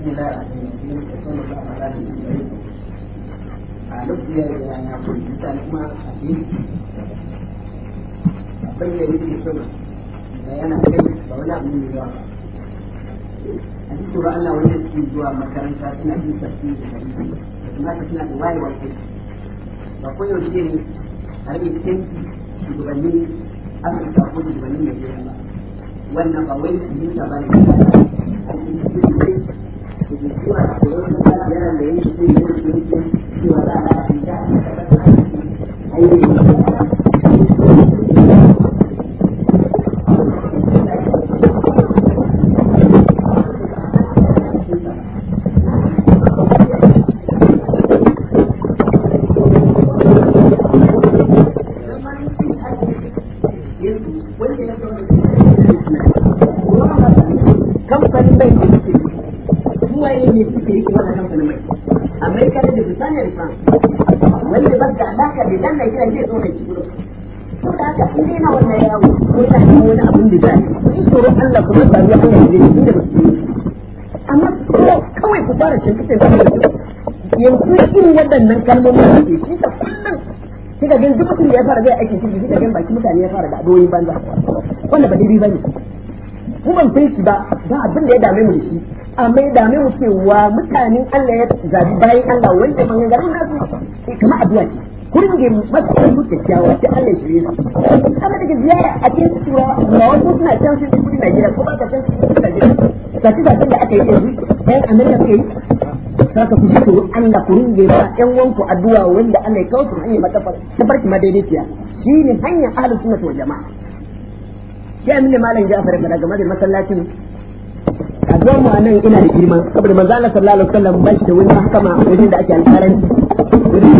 a da na kuma kuma a a bayyana yake suna da yana kai ba wani abu ne ba a ji tsoron Allah wanda zuwa makaranta suna yin tafi da hadisi da kuma ka suna da wayewa ke ba ko yaushe ne a rage cikin shugabannin Afirka ko shugabannin Najeriya ba wannan ba wai yin ta ba a cikin Aí waɗannan kalmomin da ke kika kullum kika gan duk mutum ya fara zai aikin kirki kika gan baki mutane ya fara da adoyi banza wanda ba daidai bane mu ban san shi ba ba abin da ya dame mu da shi amma ya dame mu cewa mutanen Allah ya zabi bayan Allah wanda man garin nasu kamar addu'a ce kurin ga masu muke kyawa ta Allah shi ne amma daga ziyara a cikin cewa na wasu suna can su kudi Najeriya ko ba ka can su kudi Najeriya sai da aka yi yanzu ɗan Amerika kai kaka ku shi Allah ku ringe ba ɗan wanku addu'a wanda Allah ya kawo su hanya matafar tafarki madaidaiciya ne hanyar ahlus sunnah wal jamaa sai malam Ja'far fara game da masallacin addu'a mu nan ina da girma saboda sallallahu alaihi ba shi da wani mahkama wajen da ake alƙaran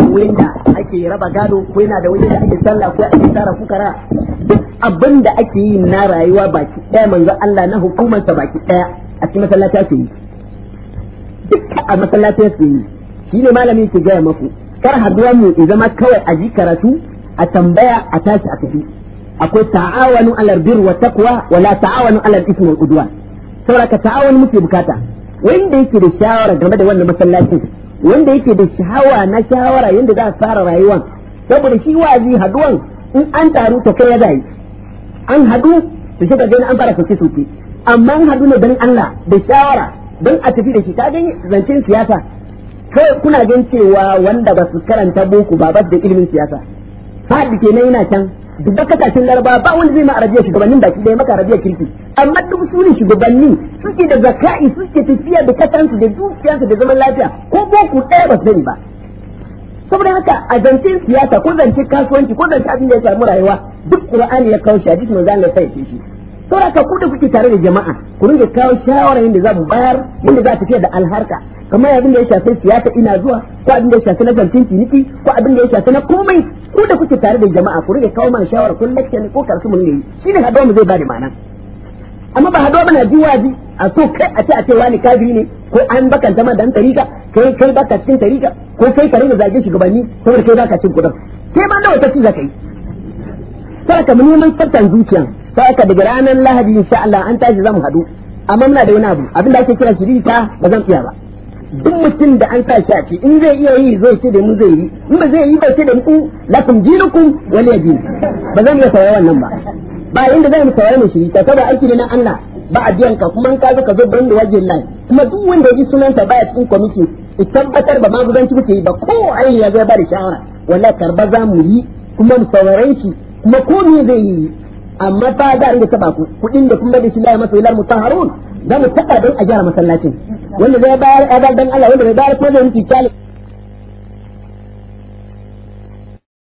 wurin da ake raba gado ko yana da da ake ko ake tara duk abin da ake yi na rayuwa baki ɗaya manzo Allah na hukumarsa baki ɗaya a cikin masallaci yi a masallaci yake yi shi ne malamin ke gaya maku kar haduwar mu ya zama kawai a ji karatu a tambaya a tashi a tafi akwai ta'awanu alal birr wa taqwa wala ta'awanu alal ismi wal udwan saboda ka ta'awanu muke bukata wanda yake da shawara game da wannan masallaci wanda yake da shawara na shawara yanda za a fara rayuwan saboda shi wazi haduwan in an taru to kai ya zai an hadu to shi gani an fara soke soke amma an hadu ne dan Allah da shawara don a tafi da shi ta gani zancen siyasa kai kuna gan cewa wanda ba su karanta boko ba ba da ilimin siyasa ke kenan yana can duk da kasashen laraba ba wani zai ma arabiya shugabannin baki ɗaya maka arabiya kirki amma duk su ne shugabanni suke da zaka'i suke tafiya da kasansu da dukiyansu da zaman lafiya ko boko ɗaya ba su ba saboda haka a zancen siyasa ko zance kasuwanci ko zance abin da ya samu rayuwa duk qur'ani ya kawo shi hadisi manzo Allah sai shi saboda ka ku da kuke tare da jama'a ku ringa kawo shawara yadda za mu bayar yadda za a tafiya da alharka kamar abin da ya shafi siyasa ina zuwa ko abin da ya shafi na bankin ciniki ko abin da ya shafi na komai ku da kuke tare da jama'a ku ringa kawo mana shawara kun lecture ko karsu mun ne shi ne hadawa mu zai bada ma'ana amma ba hadawa bana ji waji a so kai a ce a ce wani kafi ne ko an bakan zama dan tarika kai kai baka cin tarika ko kai ka ringa zage shugabanni saboda kai baka cin kudin kai ma nawa wata ci zakai sai ka neman tsaftan zuciya sai aka daga ranar lahadi insha Allah an tashi zamu hadu amma muna da wani abu abin da ake kira shirita ba zan iya ba duk mutum da an sa shi in zai iya yi zai ce da mu zai yi in ba zai yi ba ce da mu lakum dinukum waliya din ba zan iya sauraron wannan ba ba inda zai mu sauraron shirita saboda aiki ne na Allah ba biyan ka kuma ka zo ka zo brand wajen lai kuma duk wanda ya ji sunanta baya cikin kwamiti ki tabbatar ba magudanci muke yi ba ko ai ya zo ba da shawara wallahi karba za mu yi kuma mu saurare shi kuma ko me zai yi amma fa za a rinka taba ku kudin da kuma da shi la masa ilal mutahharun za mu taba don a gyara masallacin wanda zai bayar a dan Allah wanda bai bayar ko da yanki kyale